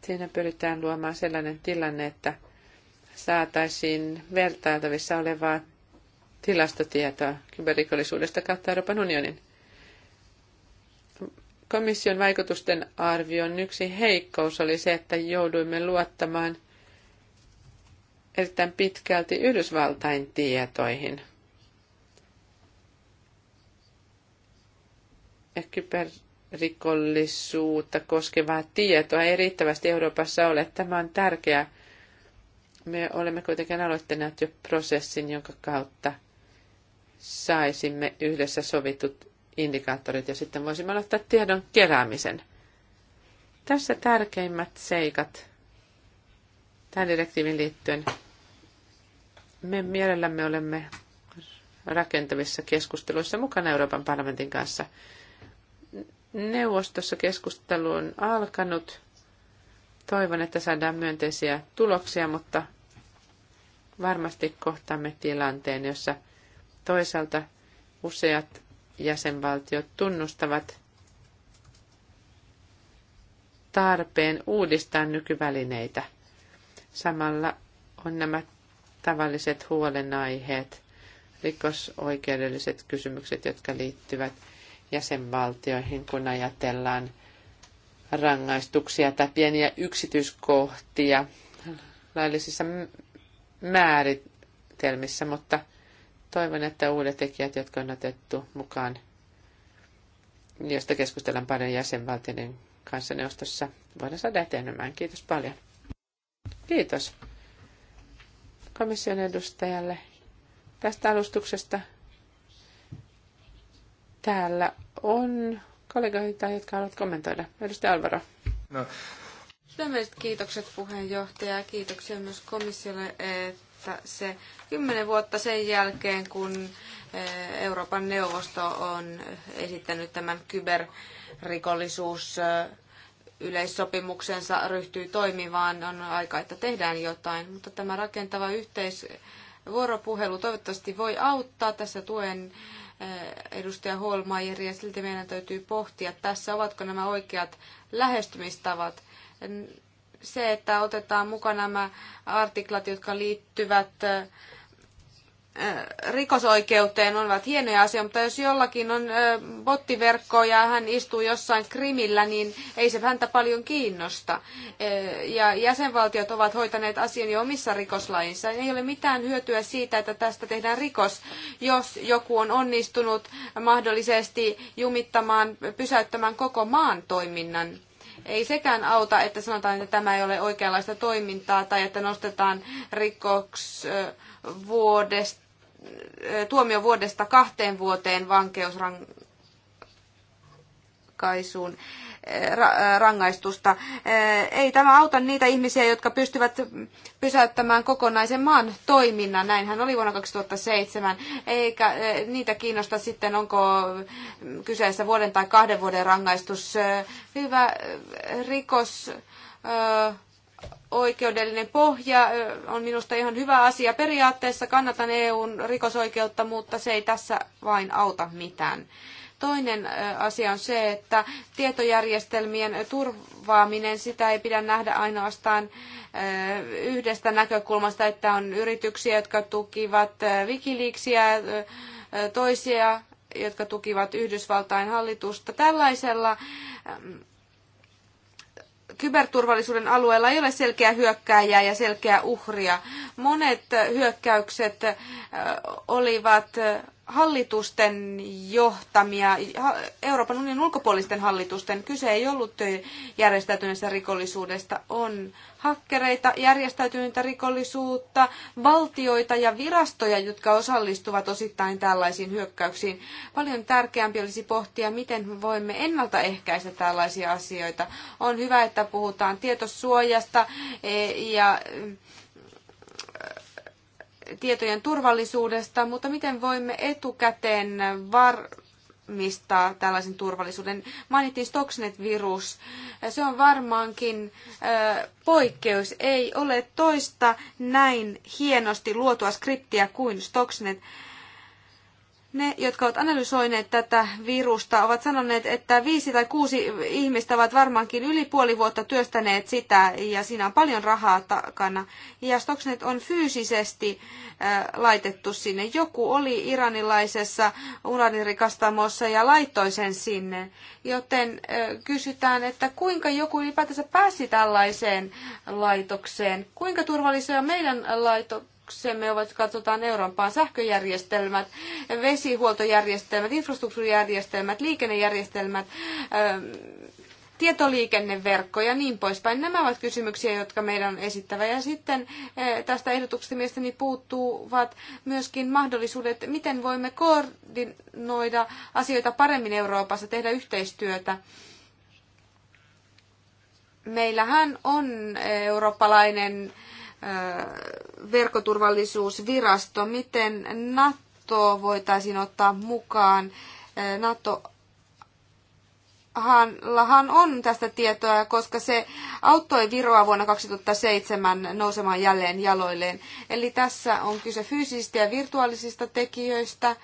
Siinä pyritään luomaan sellainen tilanne, että saataisiin vertailtavissa olevaa tilastotietoa kyberrikollisuudesta kautta Euroopan unionin. Komission vaikutusten arvion yksi heikkous oli se, että jouduimme luottamaan – erittäin pitkälti Yhdysvaltain tietoihin. Ja kyberrikollisuutta koskevaa tietoa ei riittävästi Euroopassa ole. Tämä on tärkeää. Me olemme kuitenkin aloittaneet jo prosessin, jonka kautta saisimme yhdessä sovitut indikaattorit ja sitten voisimme aloittaa tiedon keräämisen. Tässä tärkeimmät seikat tähän direktiivin liittyen. Me mielellämme olemme rakentavissa keskusteluissa mukana Euroopan parlamentin kanssa. Neuvostossa keskustelu on alkanut. Toivon, että saadaan myönteisiä tuloksia, mutta varmasti kohtaamme tilanteen, jossa toisaalta useat jäsenvaltiot tunnustavat tarpeen uudistaa nykyvälineitä – Samalla on nämä tavalliset huolenaiheet, rikosoikeudelliset kysymykset, jotka liittyvät jäsenvaltioihin, kun ajatellaan rangaistuksia tai pieniä yksityiskohtia laillisissa määritelmissä, mutta toivon, että uudet tekijät, jotka on otettu mukaan, josta keskustellaan paljon jäsenvaltioiden kanssa neuvostossa, voidaan saada eteenpäin. Kiitos paljon. Kiitos komission edustajalle tästä alustuksesta. Täällä on kollegoita, jotka haluavat kommentoida. Edustaja Alvaro. No. Sydämelliset kiitokset puheenjohtaja ja kiitoksia myös komissiolle, että se kymmenen vuotta sen jälkeen, kun eh, Euroopan neuvosto on esittänyt tämän kyberrikollisuus eh, yleissopimuksensa ryhtyy toimimaan, on aika, että tehdään jotain. Mutta tämä rakentava yhteisvuoropuhelu toivottavasti voi auttaa. Tässä tuen eh, edustaja Holmaieri ja silti meidän täytyy pohtia tässä, ovatko nämä oikeat lähestymistavat. Se, että otetaan mukaan nämä artiklat, jotka liittyvät eh, rikosoikeuteen ovat hienoja asioita, mutta jos jollakin on bottiverkko ja hän istuu jossain krimillä, niin ei se häntä paljon kiinnosta. Ja jäsenvaltiot ovat hoitaneet asian jo omissa rikoslainsa. Ei ole mitään hyötyä siitä, että tästä tehdään rikos, jos joku on onnistunut mahdollisesti jumittamaan, pysäyttämään koko maan toiminnan ei sekään auta, että sanotaan, että tämä ei ole oikeanlaista toimintaa tai että nostetaan rikoks, vuodesta, tuomio vuodesta kahteen vuoteen vankeusrankaisuun eh, eh, rangaistusta. Eh, ei tämä auta niitä ihmisiä, jotka pystyvät pysäyttämään kokonaisen maan toiminnan. Näinhän oli vuonna 2007. Eikä niitä kiinnosta sitten, onko kyseessä vuoden tai kahden vuoden rangaistus. Hyvä rikos oikeudellinen pohja on minusta ihan hyvä asia. Periaatteessa kannatan EUn rikosoikeutta, mutta se ei tässä vain auta mitään. Toinen asia on se, että tietojärjestelmien turvaaminen, sitä ei pidä nähdä ainoastaan yhdestä näkökulmasta, että on yrityksiä, jotka tukivat Wikileaksia, toisia, jotka tukivat Yhdysvaltain hallitusta. Tällaisella kyberturvallisuuden alueella ei ole selkeää hyökkääjää ja selkeää uhria. Monet hyökkäykset olivat hallitusten johtamia, Euroopan unionin ulkopuolisten hallitusten, kyse ei ollut järjestäytyneestä rikollisuudesta, on hakkereita, järjestäytynyttä rikollisuutta, valtioita ja virastoja, jotka osallistuvat osittain tällaisiin hyökkäyksiin. Paljon tärkeämpi olisi pohtia, miten voimme ennaltaehkäistä tällaisia asioita. On hyvä, että puhutaan tietosuojasta e, ja tietojen turvallisuudesta, mutta miten voimme etukäteen varmistaa tällaisen turvallisuuden? Mainittiin Stuxnet-virus. Se on varmaankin poikkeus. Ei ole toista näin hienosti luotua skriptiä kuin Stuxnet-virus ne, jotka ovat analysoineet tätä virusta, ovat sanoneet, että viisi tai kuusi ihmistä ovat varmaankin yli puoli vuotta työstäneet sitä ja siinä on paljon rahaa takana. Ja Stuxnet on fyysisesti äh, laitettu sinne. Joku oli iranilaisessa uranirikastamossa ja laittoi sen sinne. Joten äh, kysytään, että kuinka joku ylipäätänsä pääsi tällaiseen laitokseen? Kuinka turvallisia meidän laitokset? kysymyksemme ovat, katsotaan Eurooppaa, sähköjärjestelmät, vesihuoltojärjestelmät, infrastruktuurijärjestelmät, liikennejärjestelmät, ähm, tietoliikenneverkko ja niin poispäin. Nämä ovat kysymyksiä, jotka meidän on esittävä. Ja sitten äh, tästä ehdotuksesta mielestäni puuttuvat myöskin mahdollisuudet, miten voimme koordinoida asioita paremmin Euroopassa, tehdä yhteistyötä. Meillähän on eurooppalainen verkkoturvallisuusvirasto, miten NATO voitaisiin ottaa mukaan. NATO Hanlahan on tästä tietoa, koska se auttoi Viroa vuonna 2007 nousemaan jälleen jaloilleen. Eli tässä on kyse fyysisistä ja virtuaalisista tekijöistä.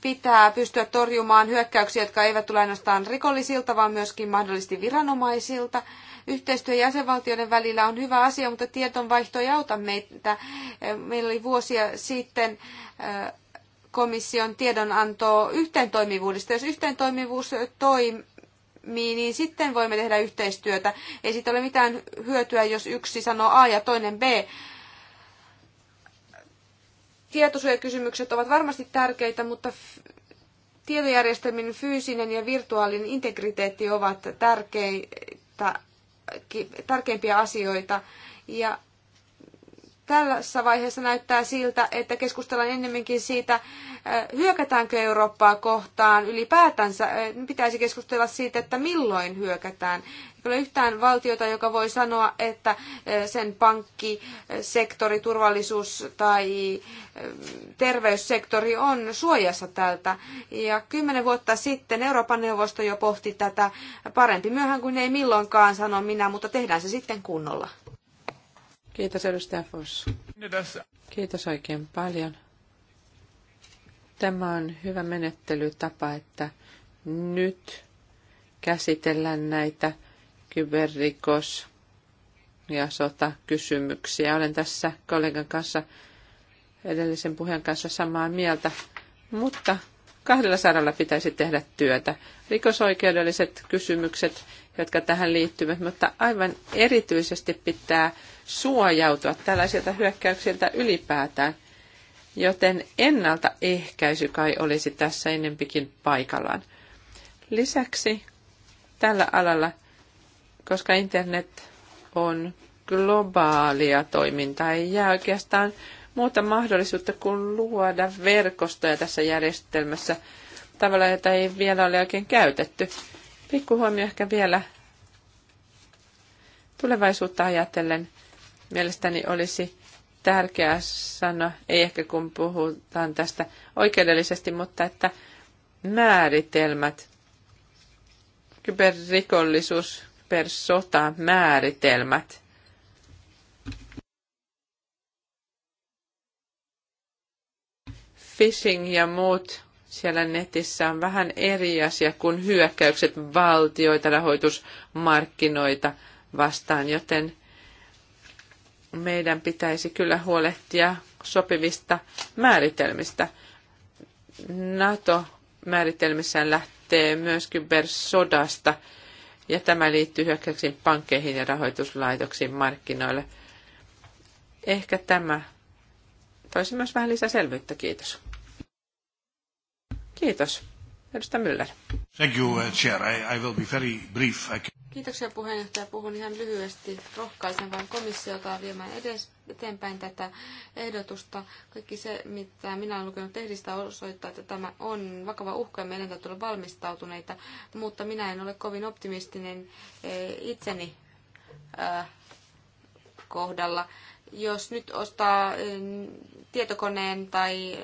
Pitää pystyä torjumaan hyökkäyksiä, jotka eivät tule ainoastaan rikollisilta, vaan myöskin mahdollisesti viranomaisilta. Yhteistyö jäsenvaltioiden välillä on hyvä asia, mutta tietonvaihto ei auta meitä. Meillä oli vuosia sitten äh, komission tiedonanto yhteentoimivuudesta. Jos yhteentoimivuus toimii, niin sitten voimme tehdä yhteistyötä. Ei siitä ole mitään hyötyä, jos yksi sanoo A ja toinen B tietosuojakysymykset ovat varmasti tärkeitä, mutta tietojärjestelmien fyysinen ja virtuaalinen integriteetti ovat tärkeitä tärkeimpiä asioita. Ja tällässä vaiheessa näyttää siltä, että keskustellaan enemmänkin siitä, äh, hyökätäänkö Eurooppaa kohtaan ylipäätänsä. Äh, pitäisi keskustella siitä, että milloin hyökätään ole yhtään valtiota, joka voi sanoa, että eh, sen pankki, sektori, turvallisuus tai eh, terveyssektori on suojassa tältä. Ja kymmenen vuotta sitten Euroopan neuvosto jo pohti tätä parempi myöhään kuin ei milloinkaan, sano minä, mutta tehdään se sitten kunnolla. Kiitos edustaja Foss. Kiitos oikein paljon. Tämä on hyvä menettelytapa, että nyt käsitellään näitä kyberrikos ja sotakysymyksiä. Olen tässä kollegan kanssa, edellisen puheen kanssa samaa mieltä, mutta kahdella saralla pitäisi tehdä työtä. Rikosoikeudelliset kysymykset, jotka tähän liittyvät, mutta aivan erityisesti pitää suojautua tällaisilta hyökkäyksiltä ylipäätään. Joten ennaltaehkäisy kai olisi tässä enempikin paikallaan. Lisäksi tällä alalla koska internet on globaalia toimintaa. Ei jää oikeastaan muuta mahdollisuutta kuin luoda verkostoja tässä järjestelmässä tavalla, jota ei vielä ole oikein käytetty. Pikku huomio ehkä vielä tulevaisuutta ajatellen. Mielestäni olisi tärkeää sanoa, ei ehkä kun puhutaan tästä oikeudellisesti, mutta että määritelmät, kyberrikollisuus, per sota määritelmät. Phishing ja muut siellä netissä on vähän eri asia kuin hyökkäykset valtioita, rahoitusmarkkinoita vastaan, joten meidän pitäisi kyllä huolehtia sopivista määritelmistä. NATO määritelmissään lähtee myös kybersodasta sodasta ja tämä liittyy hyökkäyksiin pankkeihin ja rahoituslaitoksiin markkinoille. Ehkä tämä toisi myös vähän lisää selvyyttä. Kiitos. Kiitos. Edustaja Müller. Thank you, uh, Chair. I, I will be very brief. I can... Kiitoksia puheenjohtaja. Puhun ihan lyhyesti. Rohkaisen vain komissiota viemään edes eteenpäin tätä ehdotusta. Kaikki se, mitä minä olen lukenut tehdistä, osoittaa, että tämä on vakava uhka ja meidän täytyy olla valmistautuneita, mutta minä en ole kovin optimistinen eh, itseni eh, kohdalla. Jos nyt ostaa eh, tietokoneen tai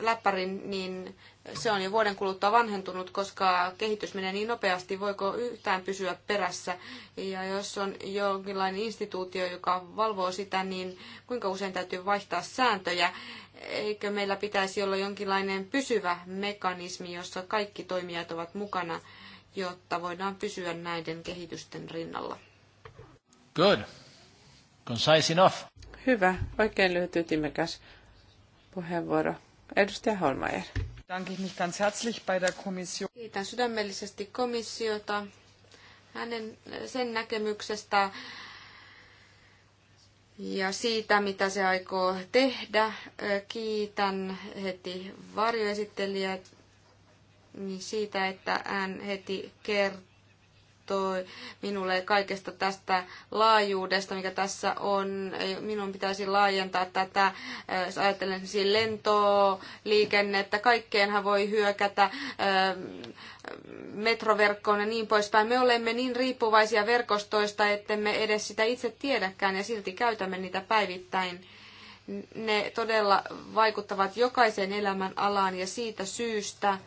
läppärin, niin se on jo vuoden kuluttua vanhentunut, koska kehitys menee niin nopeasti, voiko yhtään pysyä perässä. Ja jos on jonkinlainen instituutio, joka valvoo sitä, niin kuinka usein täytyy vaihtaa sääntöjä? Eikö meillä pitäisi olla jonkinlainen pysyvä mekanismi, jossa kaikki toimijat ovat mukana, jotta voidaan pysyä näiden kehitysten rinnalla? Good. Concise enough. Hyvä, oikein lyhyt ytimekäs puheenvuoro. Edustaja Holmeier. Kiitän sydämellisesti komissiota hänen sen näkemyksestä ja siitä, mitä se aikoo tehdä. Kiitän heti varjoesittelijät siitä, että hän heti kertoo kertoi minulle kaikesta tästä laajuudesta, mikä tässä on. Minun pitäisi laajentaa tätä, jos ajattelen lentoa, liikennettä, kaikkeenhan voi hyökätä metroverkkoon ja niin poispäin. Me olemme niin riippuvaisia verkostoista, että me edes sitä itse tiedäkään ja silti käytämme niitä päivittäin ne todella vaikuttavat jokaiseen elämän alaan ja siitä syystä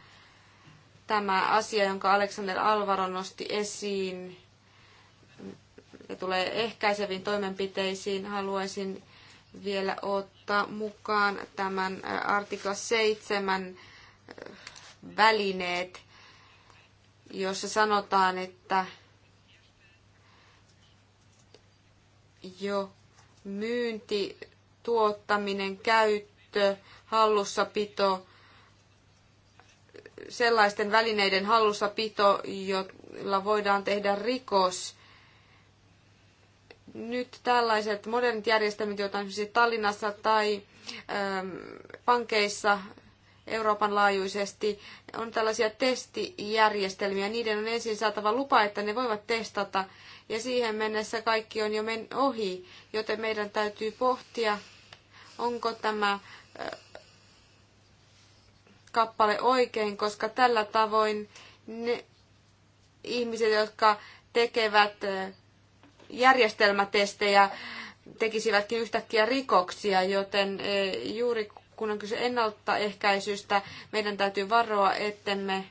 tämä asia, jonka Alexander Alvaro nosti esiin, ja tulee ehkäiseviin toimenpiteisiin, haluaisin vielä ottaa mukaan tämän artikla 7 välineet, jossa sanotaan, että jo myynti, tuottaminen, käyttö, hallussapito sellaisten välineiden hallussapito, joilla voidaan tehdä rikos. Nyt tällaiset modernit järjestelmät, joita esimerkiksi Tallinnassa tai äm, pankeissa Euroopan laajuisesti, on tällaisia testijärjestelmiä. Niiden on ensin saatava lupa, että ne voivat testata, ja siihen mennessä kaikki on jo men- ohi, joten meidän täytyy pohtia, onko tämä äh, kappale oikein, koska tällä tavoin ne ihmiset, jotka tekevät järjestelmätestejä, tekisivätkin yhtäkkiä rikoksia, joten juuri kun on kyse ennaltaehkäisystä, meidän täytyy varoa, ettemme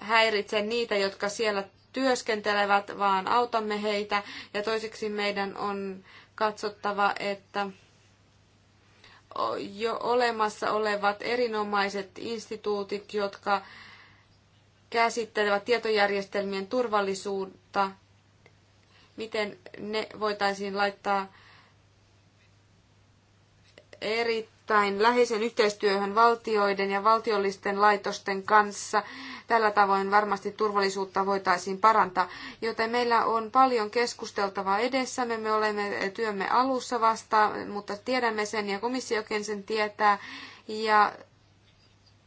häiritse niitä, jotka siellä työskentelevät, vaan autamme heitä. Ja toiseksi meidän on katsottava, että jo olemassa olevat erinomaiset instituutit, jotka käsittelevät tietojärjestelmien turvallisuutta, miten ne voitaisiin laittaa erittäin läheisen yhteistyöhön valtioiden ja valtiollisten laitosten kanssa Tällä tavoin varmasti turvallisuutta voitaisiin parantaa. Joten meillä on paljon keskusteltavaa edessämme. Me olemme työmme alussa vasta, mutta tiedämme sen ja komissiokin sen tietää. Ja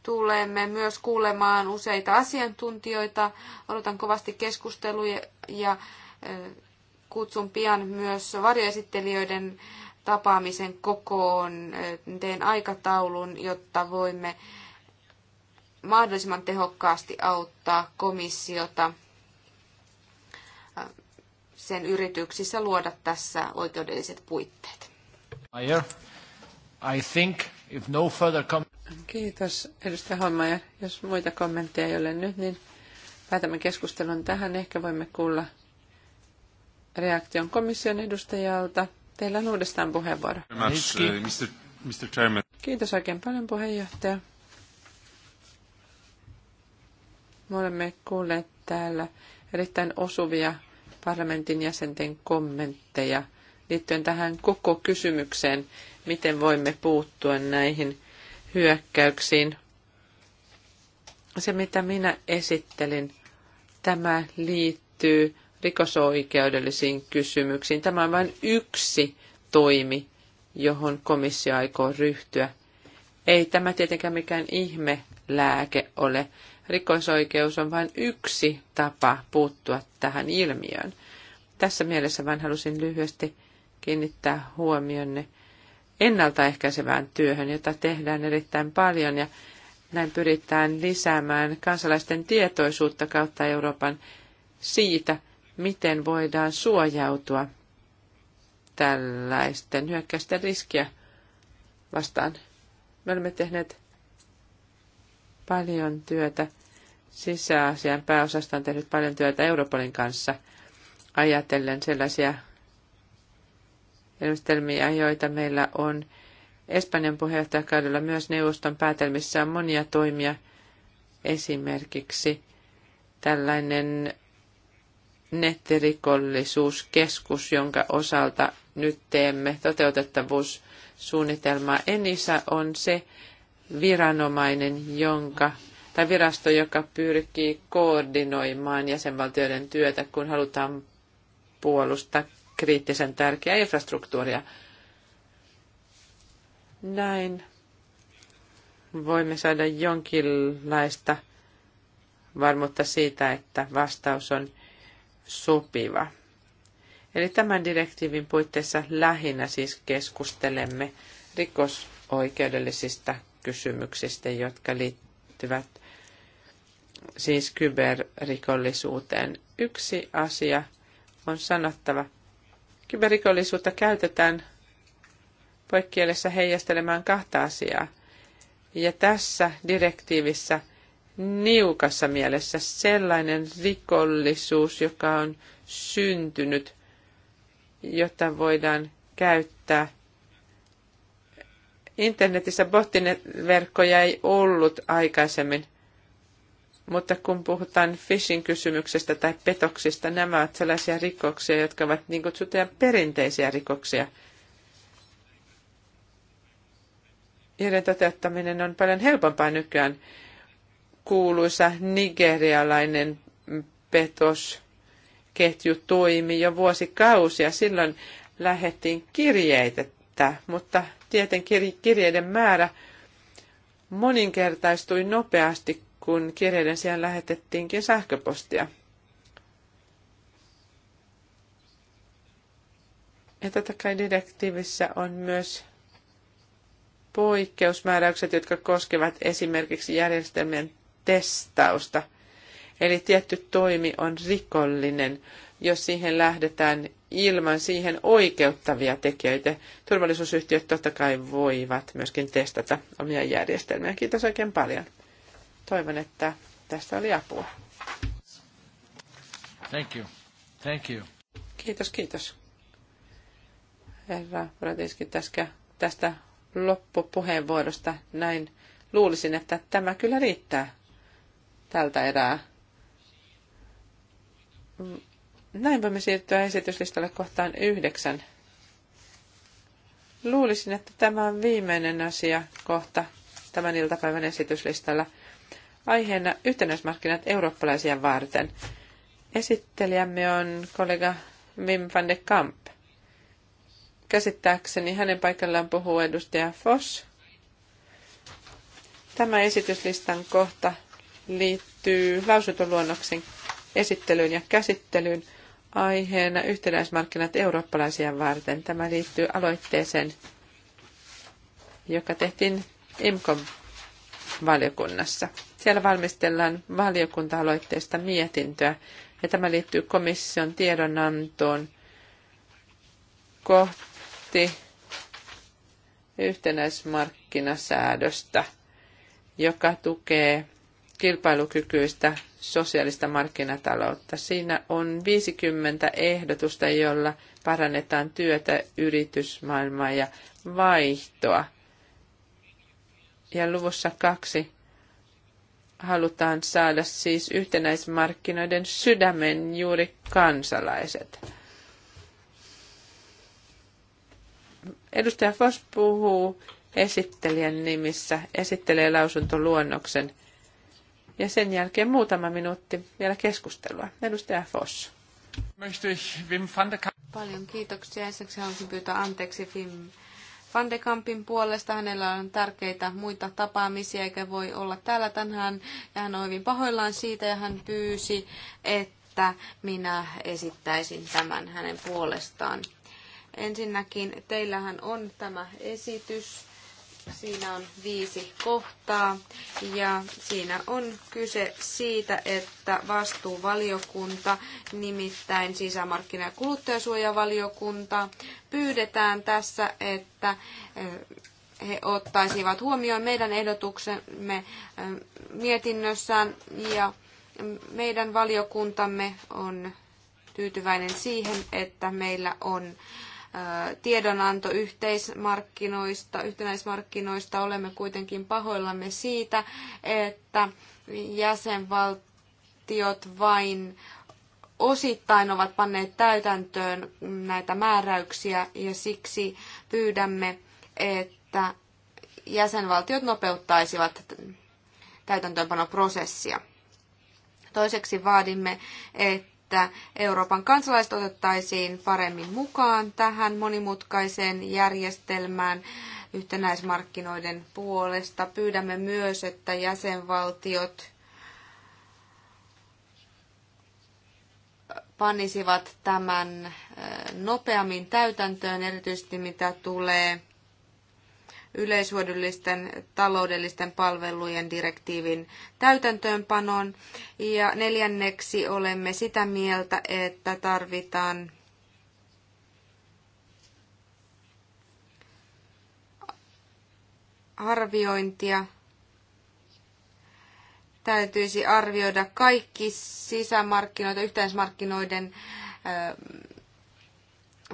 tulemme myös kuulemaan useita asiantuntijoita. Odotan kovasti keskusteluja ja kutsun pian myös varjoesittelijöiden tapaamisen kokoon. Teen aikataulun, jotta voimme mahdollisimman tehokkaasti auttaa komissiota äh, sen yrityksissä luoda tässä oikeudelliset puitteet. I think if no further Kiitos edustaja ja Jos muita kommentteja ei ole nyt, niin päätämme keskustelun tähän. Ehkä voimme kuulla reaktion komission edustajalta. Teillä on uudestaan puheenvuoro. Mr. Uh, Chairman. Kiitos oikein paljon puheenjohtaja. Me olemme kuulleet täällä erittäin osuvia parlamentin jäsenten kommentteja liittyen tähän koko kysymykseen, miten voimme puuttua näihin hyökkäyksiin. Se, mitä minä esittelin, tämä liittyy rikosoikeudellisiin kysymyksiin. Tämä on vain yksi toimi, johon komissio aikoo ryhtyä. Ei tämä tietenkään mikään ihme lääke ole. Rikosoikeus on vain yksi tapa puuttua tähän ilmiöön. Tässä mielessä vain halusin lyhyesti kiinnittää huomionne ennaltaehkäisevään työhön, jota tehdään erittäin paljon ja näin pyritään lisäämään kansalaisten tietoisuutta kautta Euroopan siitä, miten voidaan suojautua tällaisten hyökkäysten riskiä vastaan. Me olemme tehneet paljon työtä. Sisäasian pääosasta on tehnyt paljon työtä Europolin kanssa ajatellen sellaisia edustelmia, joita meillä on. Espanjan puheenjohtajakaudella myös neuvoston päätelmissä on monia toimia, esimerkiksi tällainen nettirikollisuuskeskus, jonka osalta nyt teemme toteutettavuussuunnitelmaa. Enisa on se viranomainen, jonka tai virasto, joka pyrkii koordinoimaan jäsenvaltioiden työtä, kun halutaan puolustaa kriittisen tärkeää infrastruktuuria. Näin voimme saada jonkinlaista varmuutta siitä, että vastaus on sopiva. Eli tämän direktiivin puitteissa lähinnä siis keskustelemme rikosoikeudellisista kysymyksistä, jotka liittyvät siis kyberrikollisuuteen. Yksi asia on sanottava. Kyberrikollisuutta käytetään poikkielessä heijastelemaan kahta asiaa. Ja tässä direktiivissä niukassa mielessä sellainen rikollisuus, joka on syntynyt, jota voidaan käyttää – Internetissä bottiverkkoja ei ollut aikaisemmin, mutta kun puhutaan phishing-kysymyksestä tai petoksista, nämä ovat sellaisia rikoksia, jotka ovat niin kutsutuja perinteisiä rikoksia, joiden toteuttaminen on paljon helpompaa nykyään. Kuuluisa nigerialainen petosketju toimi jo vuosikausia. Silloin lähettiin kirjeitettä, mutta tieteen kirjeiden määrä moninkertaistui nopeasti, kun kirjeiden sijaan lähetettiinkin sähköpostia. Ja totta kai direktiivissä on myös poikkeusmääräykset, jotka koskevat esimerkiksi järjestelmien testausta. Eli tietty toimi on rikollinen, jos siihen lähdetään ilman siihen oikeuttavia tekijöitä. Turvallisuusyhtiöt totta kai voivat myöskin testata omia järjestelmiä. Kiitos oikein paljon. Toivon, että tästä oli apua. Thank you. Thank you. Kiitos, kiitos. Herra Bratiski tästä, tästä loppupuheenvuorosta. Näin luulisin, että tämä kyllä riittää tältä erää näin voimme siirtyä esityslistalle kohtaan yhdeksän. Luulisin, että tämä on viimeinen asia kohta tämän iltapäivän esityslistalla. Aiheena yhtenäismarkkinat eurooppalaisia varten. Esittelijämme on kollega Wim van de Kamp. Käsittääkseni hänen paikallaan puhuu edustaja Foss. Tämä esityslistan kohta liittyy lausuntoluonnoksen esittelyyn ja käsittelyyn – aiheena yhtenäismarkkinat eurooppalaisia varten. Tämä liittyy aloitteeseen, joka tehtiin IMKON valiokunnassa. Siellä valmistellaan valiokunta-aloitteesta mietintöä, ja tämä liittyy komission tiedonantoon kohti yhtenäismarkkinasäädöstä, joka tukee kilpailukykyistä sosiaalista markkinataloutta. Siinä on 50 ehdotusta, jolla parannetaan työtä, yritysmaailmaa ja vaihtoa. Ja luvussa kaksi halutaan saada siis yhtenäismarkkinoiden sydämen juuri kansalaiset. Edustaja Foss puhuu esittelijän nimissä, esittelee lausuntoluonnoksen ja sen jälkeen muutama minuutti vielä keskustelua. Edustaja Foss. Paljon kiitoksia. Ensiksi haluaisin pyytää anteeksi Wim Van de Kampin puolesta. Hänellä on tärkeitä muita tapaamisia eikä voi olla täällä tänään. Ja hän on hyvin pahoillaan siitä ja hän pyysi, että minä esittäisin tämän hänen puolestaan. Ensinnäkin teillähän on tämä esitys Siinä on viisi kohtaa ja siinä on kyse siitä, että vastuuvaliokunta, nimittäin sisämarkkina- ja kuluttajasuojavaliokunta, pyydetään tässä, että he ottaisivat huomioon meidän ehdotuksemme mietinnössään ja meidän valiokuntamme on tyytyväinen siihen, että meillä on tiedonanto yhteismarkkinoista, yhtenäismarkkinoista. Olemme kuitenkin pahoillamme siitä, että jäsenvaltiot vain osittain ovat panneet täytäntöön näitä määräyksiä ja siksi pyydämme, että jäsenvaltiot nopeuttaisivat täytäntöönpanoprosessia. Toiseksi vaadimme, että että Euroopan kansalaiset otettaisiin paremmin mukaan tähän monimutkaiseen järjestelmään yhtenäismarkkinoiden puolesta. Pyydämme myös, että jäsenvaltiot panisivat tämän nopeammin täytäntöön, erityisesti mitä tulee yleishyödyllisten taloudellisten palvelujen direktiivin täytäntöönpanoon. Ja neljänneksi olemme sitä mieltä, että tarvitaan arviointia täytyisi arvioida kaikki sisämarkkinoita, yhteismarkkinoiden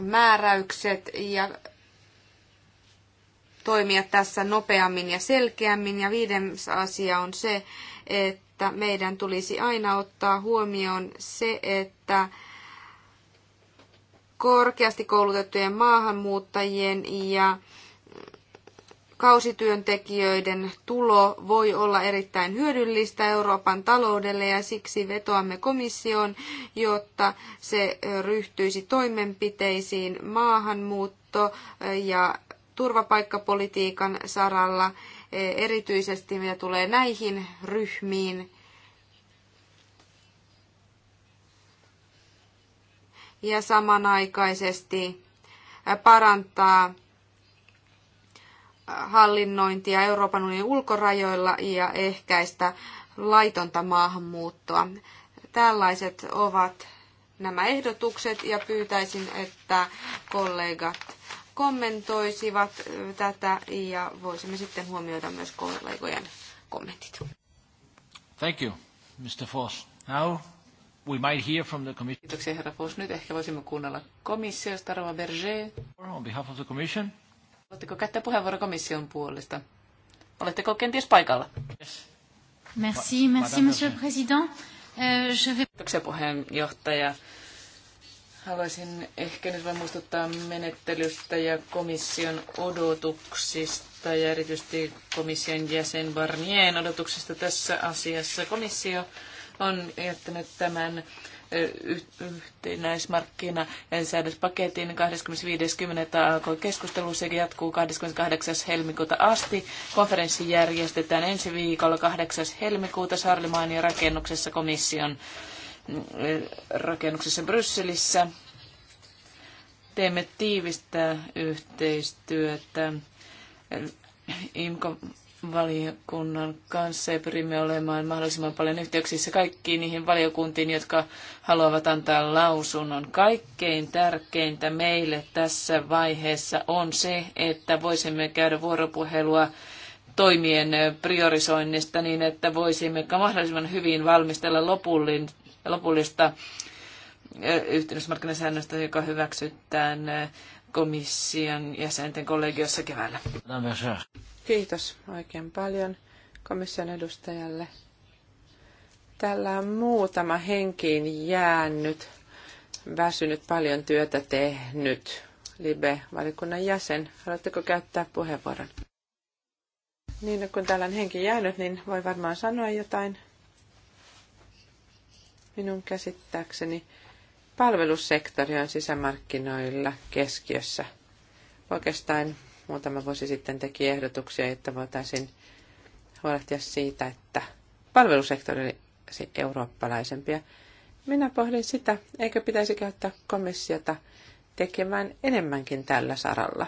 määräykset ja toimia tässä nopeammin ja selkeämmin. Ja viides asia on se, että meidän tulisi aina ottaa huomioon se, että korkeasti koulutettujen maahanmuuttajien ja kausityöntekijöiden tulo voi olla erittäin hyödyllistä Euroopan taloudelle ja siksi vetoamme komissioon, jotta se ryhtyisi toimenpiteisiin maahanmuutto- ja turvapaikkapolitiikan saralla, e, erityisesti mitä tulee näihin ryhmiin. Ja samanaikaisesti e, parantaa e, hallinnointia Euroopan unionin ulkorajoilla ja ehkäistä laitonta maahanmuuttoa. Tällaiset ovat nämä ehdotukset ja pyytäisin, että kollegat kommentoisivat tätä ja voisimme sitten huomioida myös kollegojen kommentit. Thank you, Mr. Foss. Now we might hear from the commission. Kiitoksia, herra Foss. Nyt ehkä voisimme kuunnella komissiosta, Rova Berger. On behalf of the commission. Oletteko käyttää puheenvuoro komission puolesta? Oletteko kenties paikalla? Yes. Merci, merci, monsieur le président. Euh, Kiitoksia puheenjohtaja. Haluaisin ehkä nyt vain muistuttaa menettelystä ja komission odotuksista ja erityisesti komission jäsen Barnien odotuksista tässä asiassa. Komissio on jättänyt tämän säädöspaketin 25.10. alkoi keskustelu. Se jatkuu 28. helmikuuta asti. Konferenssi järjestetään ensi viikolla 8. helmikuuta Sarlimaan ja rakennuksessa komission rakennuksessa Brysselissä. Teemme tiivistä yhteistyötä IMCO-valiokunnan kanssa ja pyrimme olemaan mahdollisimman paljon yhteyksissä kaikkiin niihin valiokuntiin, jotka haluavat antaa lausunnon. Kaikkein tärkeintä meille tässä vaiheessa on se, että voisimme käydä vuoropuhelua toimien priorisoinnista niin, että voisimme mahdollisimman hyvin valmistella lopullin, ja lopullista yhteydysmarkkinasäännöstä, joka hyväksytään komission jäsenten kollegiossa keväällä. Kiitos oikein paljon komission edustajalle. Täällä on muutama henkiin jäänyt, väsynyt, paljon työtä tehnyt. Libe-valikunnan jäsen, haluatteko käyttää puheenvuoron? Niin, no, kun täällä on henki jäänyt, niin voi varmaan sanoa jotain minun käsittääkseni palvelussektori on sisämarkkinoilla keskiössä. Oikeastaan muutama vuosi sitten teki ehdotuksia, että voitaisiin huolehtia siitä, että palvelusektori olisi eurooppalaisempia. Minä pohdin sitä, eikö pitäisi käyttää komissiota tekemään enemmänkin tällä saralla.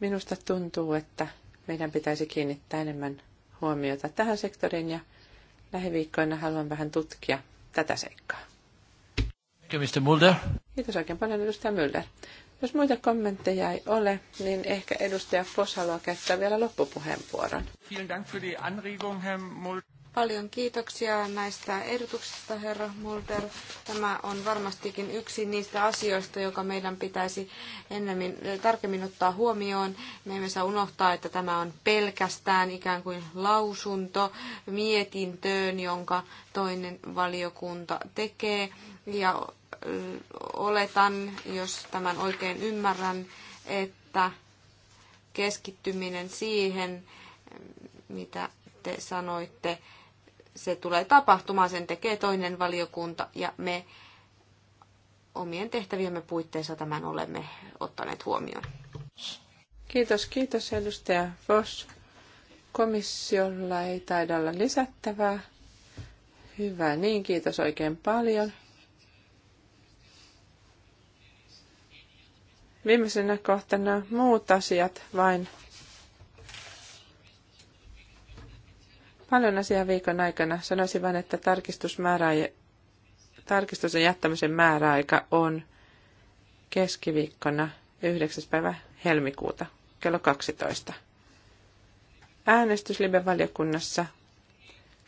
Minusta tuntuu, että meidän pitäisi kiinnittää enemmän huomiota tähän sektoriin ja lähiviikkoina haluan vähän tutkia tätä seikkaa. Mr. Mulder. Kiitos oikein paljon, edustaja Mulder. Jos muita kommentteja ei ole, niin ehkä edustaja Foss haluaa käyttää vielä loppupuheenvuoron. Paljon kiitoksia näistä ehdotuksista, herra Mulder. Tämä on varmastikin yksi niistä asioista, joka meidän pitäisi ennemmin, tarkemmin ottaa huomioon. Me emme saa unohtaa, että tämä on pelkästään ikään kuin lausunto mietintöön, jonka toinen valiokunta tekee. Ja oletan, jos tämän oikein ymmärrän, että keskittyminen siihen, mitä te sanoitte se tulee tapahtumaan, sen tekee toinen valiokunta ja me omien tehtäviemme puitteissa tämän olemme ottaneet huomioon. Kiitos, kiitos edustaja Voss. Komissiolla ei taida olla lisättävää. Hyvä, niin kiitos oikein paljon. Viimeisenä kohtana muut asiat vain. paljon asiaa viikon aikana. Sanoisin vain, että tarkistusmäärä, tarkistuksen jättämisen määräaika on keskiviikkona 9. päivä helmikuuta kello 12. Äänestys Libe-valiokunnassa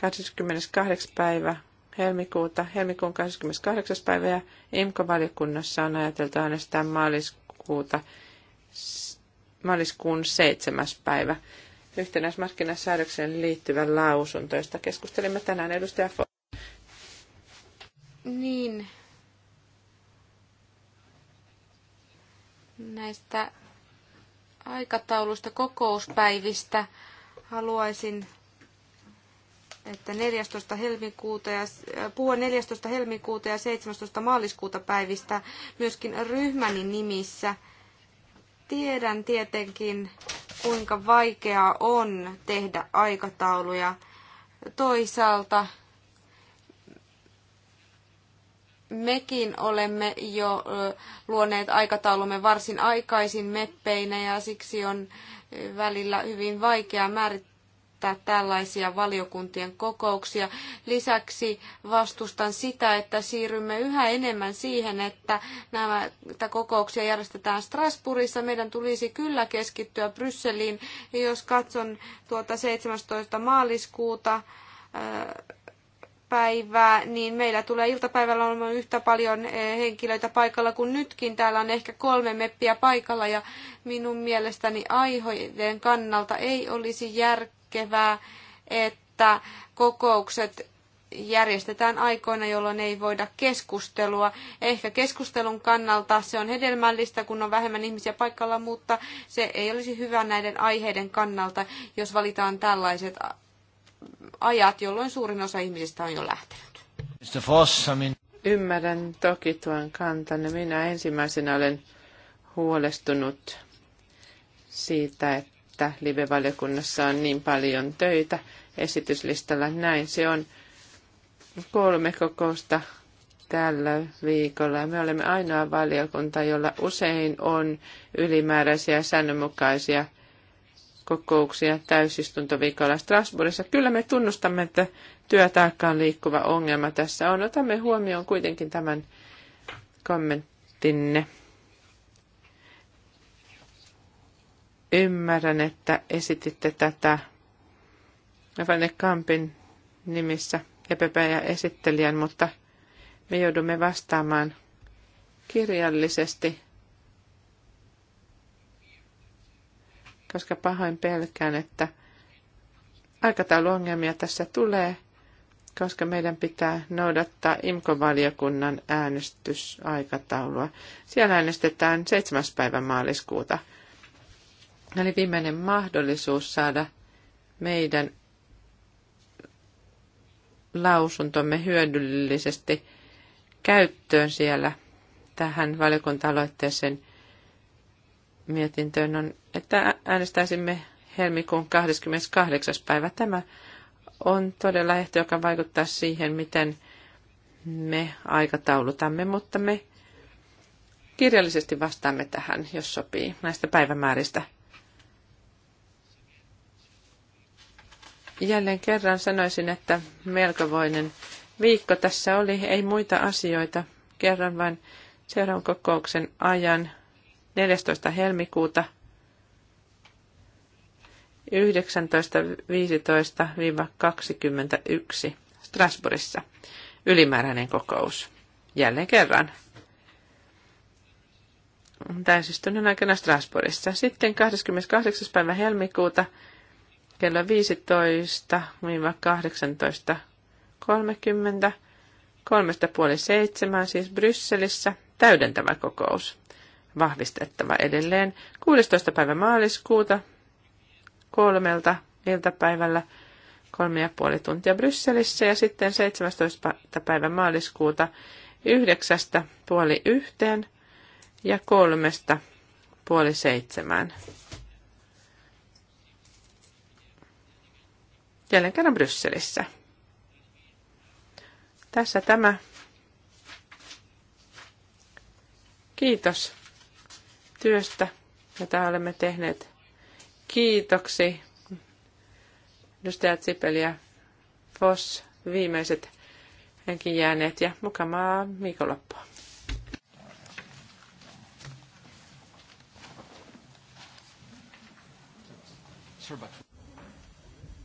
28. päivä helmikuuta, helmikuun 28. päivä ja IMKO-valiokunnassa on ajateltu äänestää maaliskuuta, maaliskuun 7. päivä yhtenäismarkkinasäädökseen liittyvän lausunto, josta keskustelimme tänään edustaja Fo. Niin. Näistä aikatauluista kokouspäivistä haluaisin että 14. helmikuuta ja, äh, puhua 14. helmikuuta ja 17. maaliskuuta päivistä myöskin ryhmäni nimissä. Tiedän tietenkin, kuinka vaikeaa on tehdä aikatauluja. Toisaalta mekin olemme jo luoneet aikataulumme varsin aikaisin meppeinä ja siksi on välillä hyvin vaikea määrittää järjestää tällaisia valiokuntien kokouksia. Lisäksi vastustan sitä, että siirrymme yhä enemmän siihen, että nämä että kokouksia järjestetään Strasbourgissa. Meidän tulisi kyllä keskittyä Brysseliin. Jos katson tuota 17. maaliskuuta päivää, niin meillä tulee iltapäivällä olemaan yhtä paljon henkilöitä paikalla kuin nytkin. Täällä on ehkä kolme meppiä paikalla ja minun mielestäni aiheiden kannalta ei olisi järkeä järkevää, että kokoukset järjestetään aikoina, jolloin ei voida keskustelua. Ehkä keskustelun kannalta se on hedelmällistä, kun on vähemmän ihmisiä paikalla, mutta se ei olisi hyvä näiden aiheiden kannalta, jos valitaan tällaiset ajat, jolloin suurin osa ihmisistä on jo lähtenyt. Ymmärrän toki tuon kantan. Minä ensimmäisenä olen huolestunut siitä, että että live-valiokunnassa on niin paljon töitä esityslistalla. Näin se on kolme kokousta tällä viikolla. Me olemme ainoa valiokunta, jolla usein on ylimääräisiä säännönmukaisia kokouksia täysistuntoviikolla Strasbourgissa. Kyllä me tunnustamme, että on liikkuva ongelma tässä on. Otamme huomioon kuitenkin tämän kommenttinne Ymmärrän, että esititte tätä Vanne Kampin nimissä ja ja esittelijän, mutta me joudumme vastaamaan kirjallisesti, koska pahoin pelkään, että aikatauluongelmia tässä tulee, koska meidän pitää noudattaa IMKO-valiokunnan äänestysaikataulua. Siellä äänestetään 7. päivä maaliskuuta – oli viimeinen mahdollisuus saada meidän lausuntomme hyödyllisesti käyttöön siellä tähän valiokunta-aloitteeseen mietintöön on, että äänestäisimme helmikuun 28. päivä. Tämä on todella ehto, joka vaikuttaa siihen, miten me aikataulutamme, mutta me kirjallisesti vastaamme tähän, jos sopii, näistä päivämääristä. Jälleen kerran sanoisin, että melkovoinen viikko tässä oli, ei muita asioita kerran, vain seuraavan kokouksen ajan 14. helmikuuta 19.15-21 Strasbourgissa ylimääräinen kokous. Jälleen kerran. Täysistunnon aikana Strasbourgissa. Sitten 28. päivä helmikuuta kello 15-18.30, kolmesta puoli seitsemän siis Brysselissä, täydentävä kokous, vahvistettava edelleen 16. päivä maaliskuuta kolmelta iltapäivällä kolme ja puoli tuntia Brysselissä ja sitten 17. päivä maaliskuuta yhdeksästä puoli yhteen ja kolmesta puoli seitsemään. jälleen kerran Brysselissä. Tässä tämä. Kiitos työstä, jota olemme tehneet. Kiitoksi edustajat Sipeli ja Foss, viimeiset henkin jääneet ja mukamaa viikonloppua. Sure, but...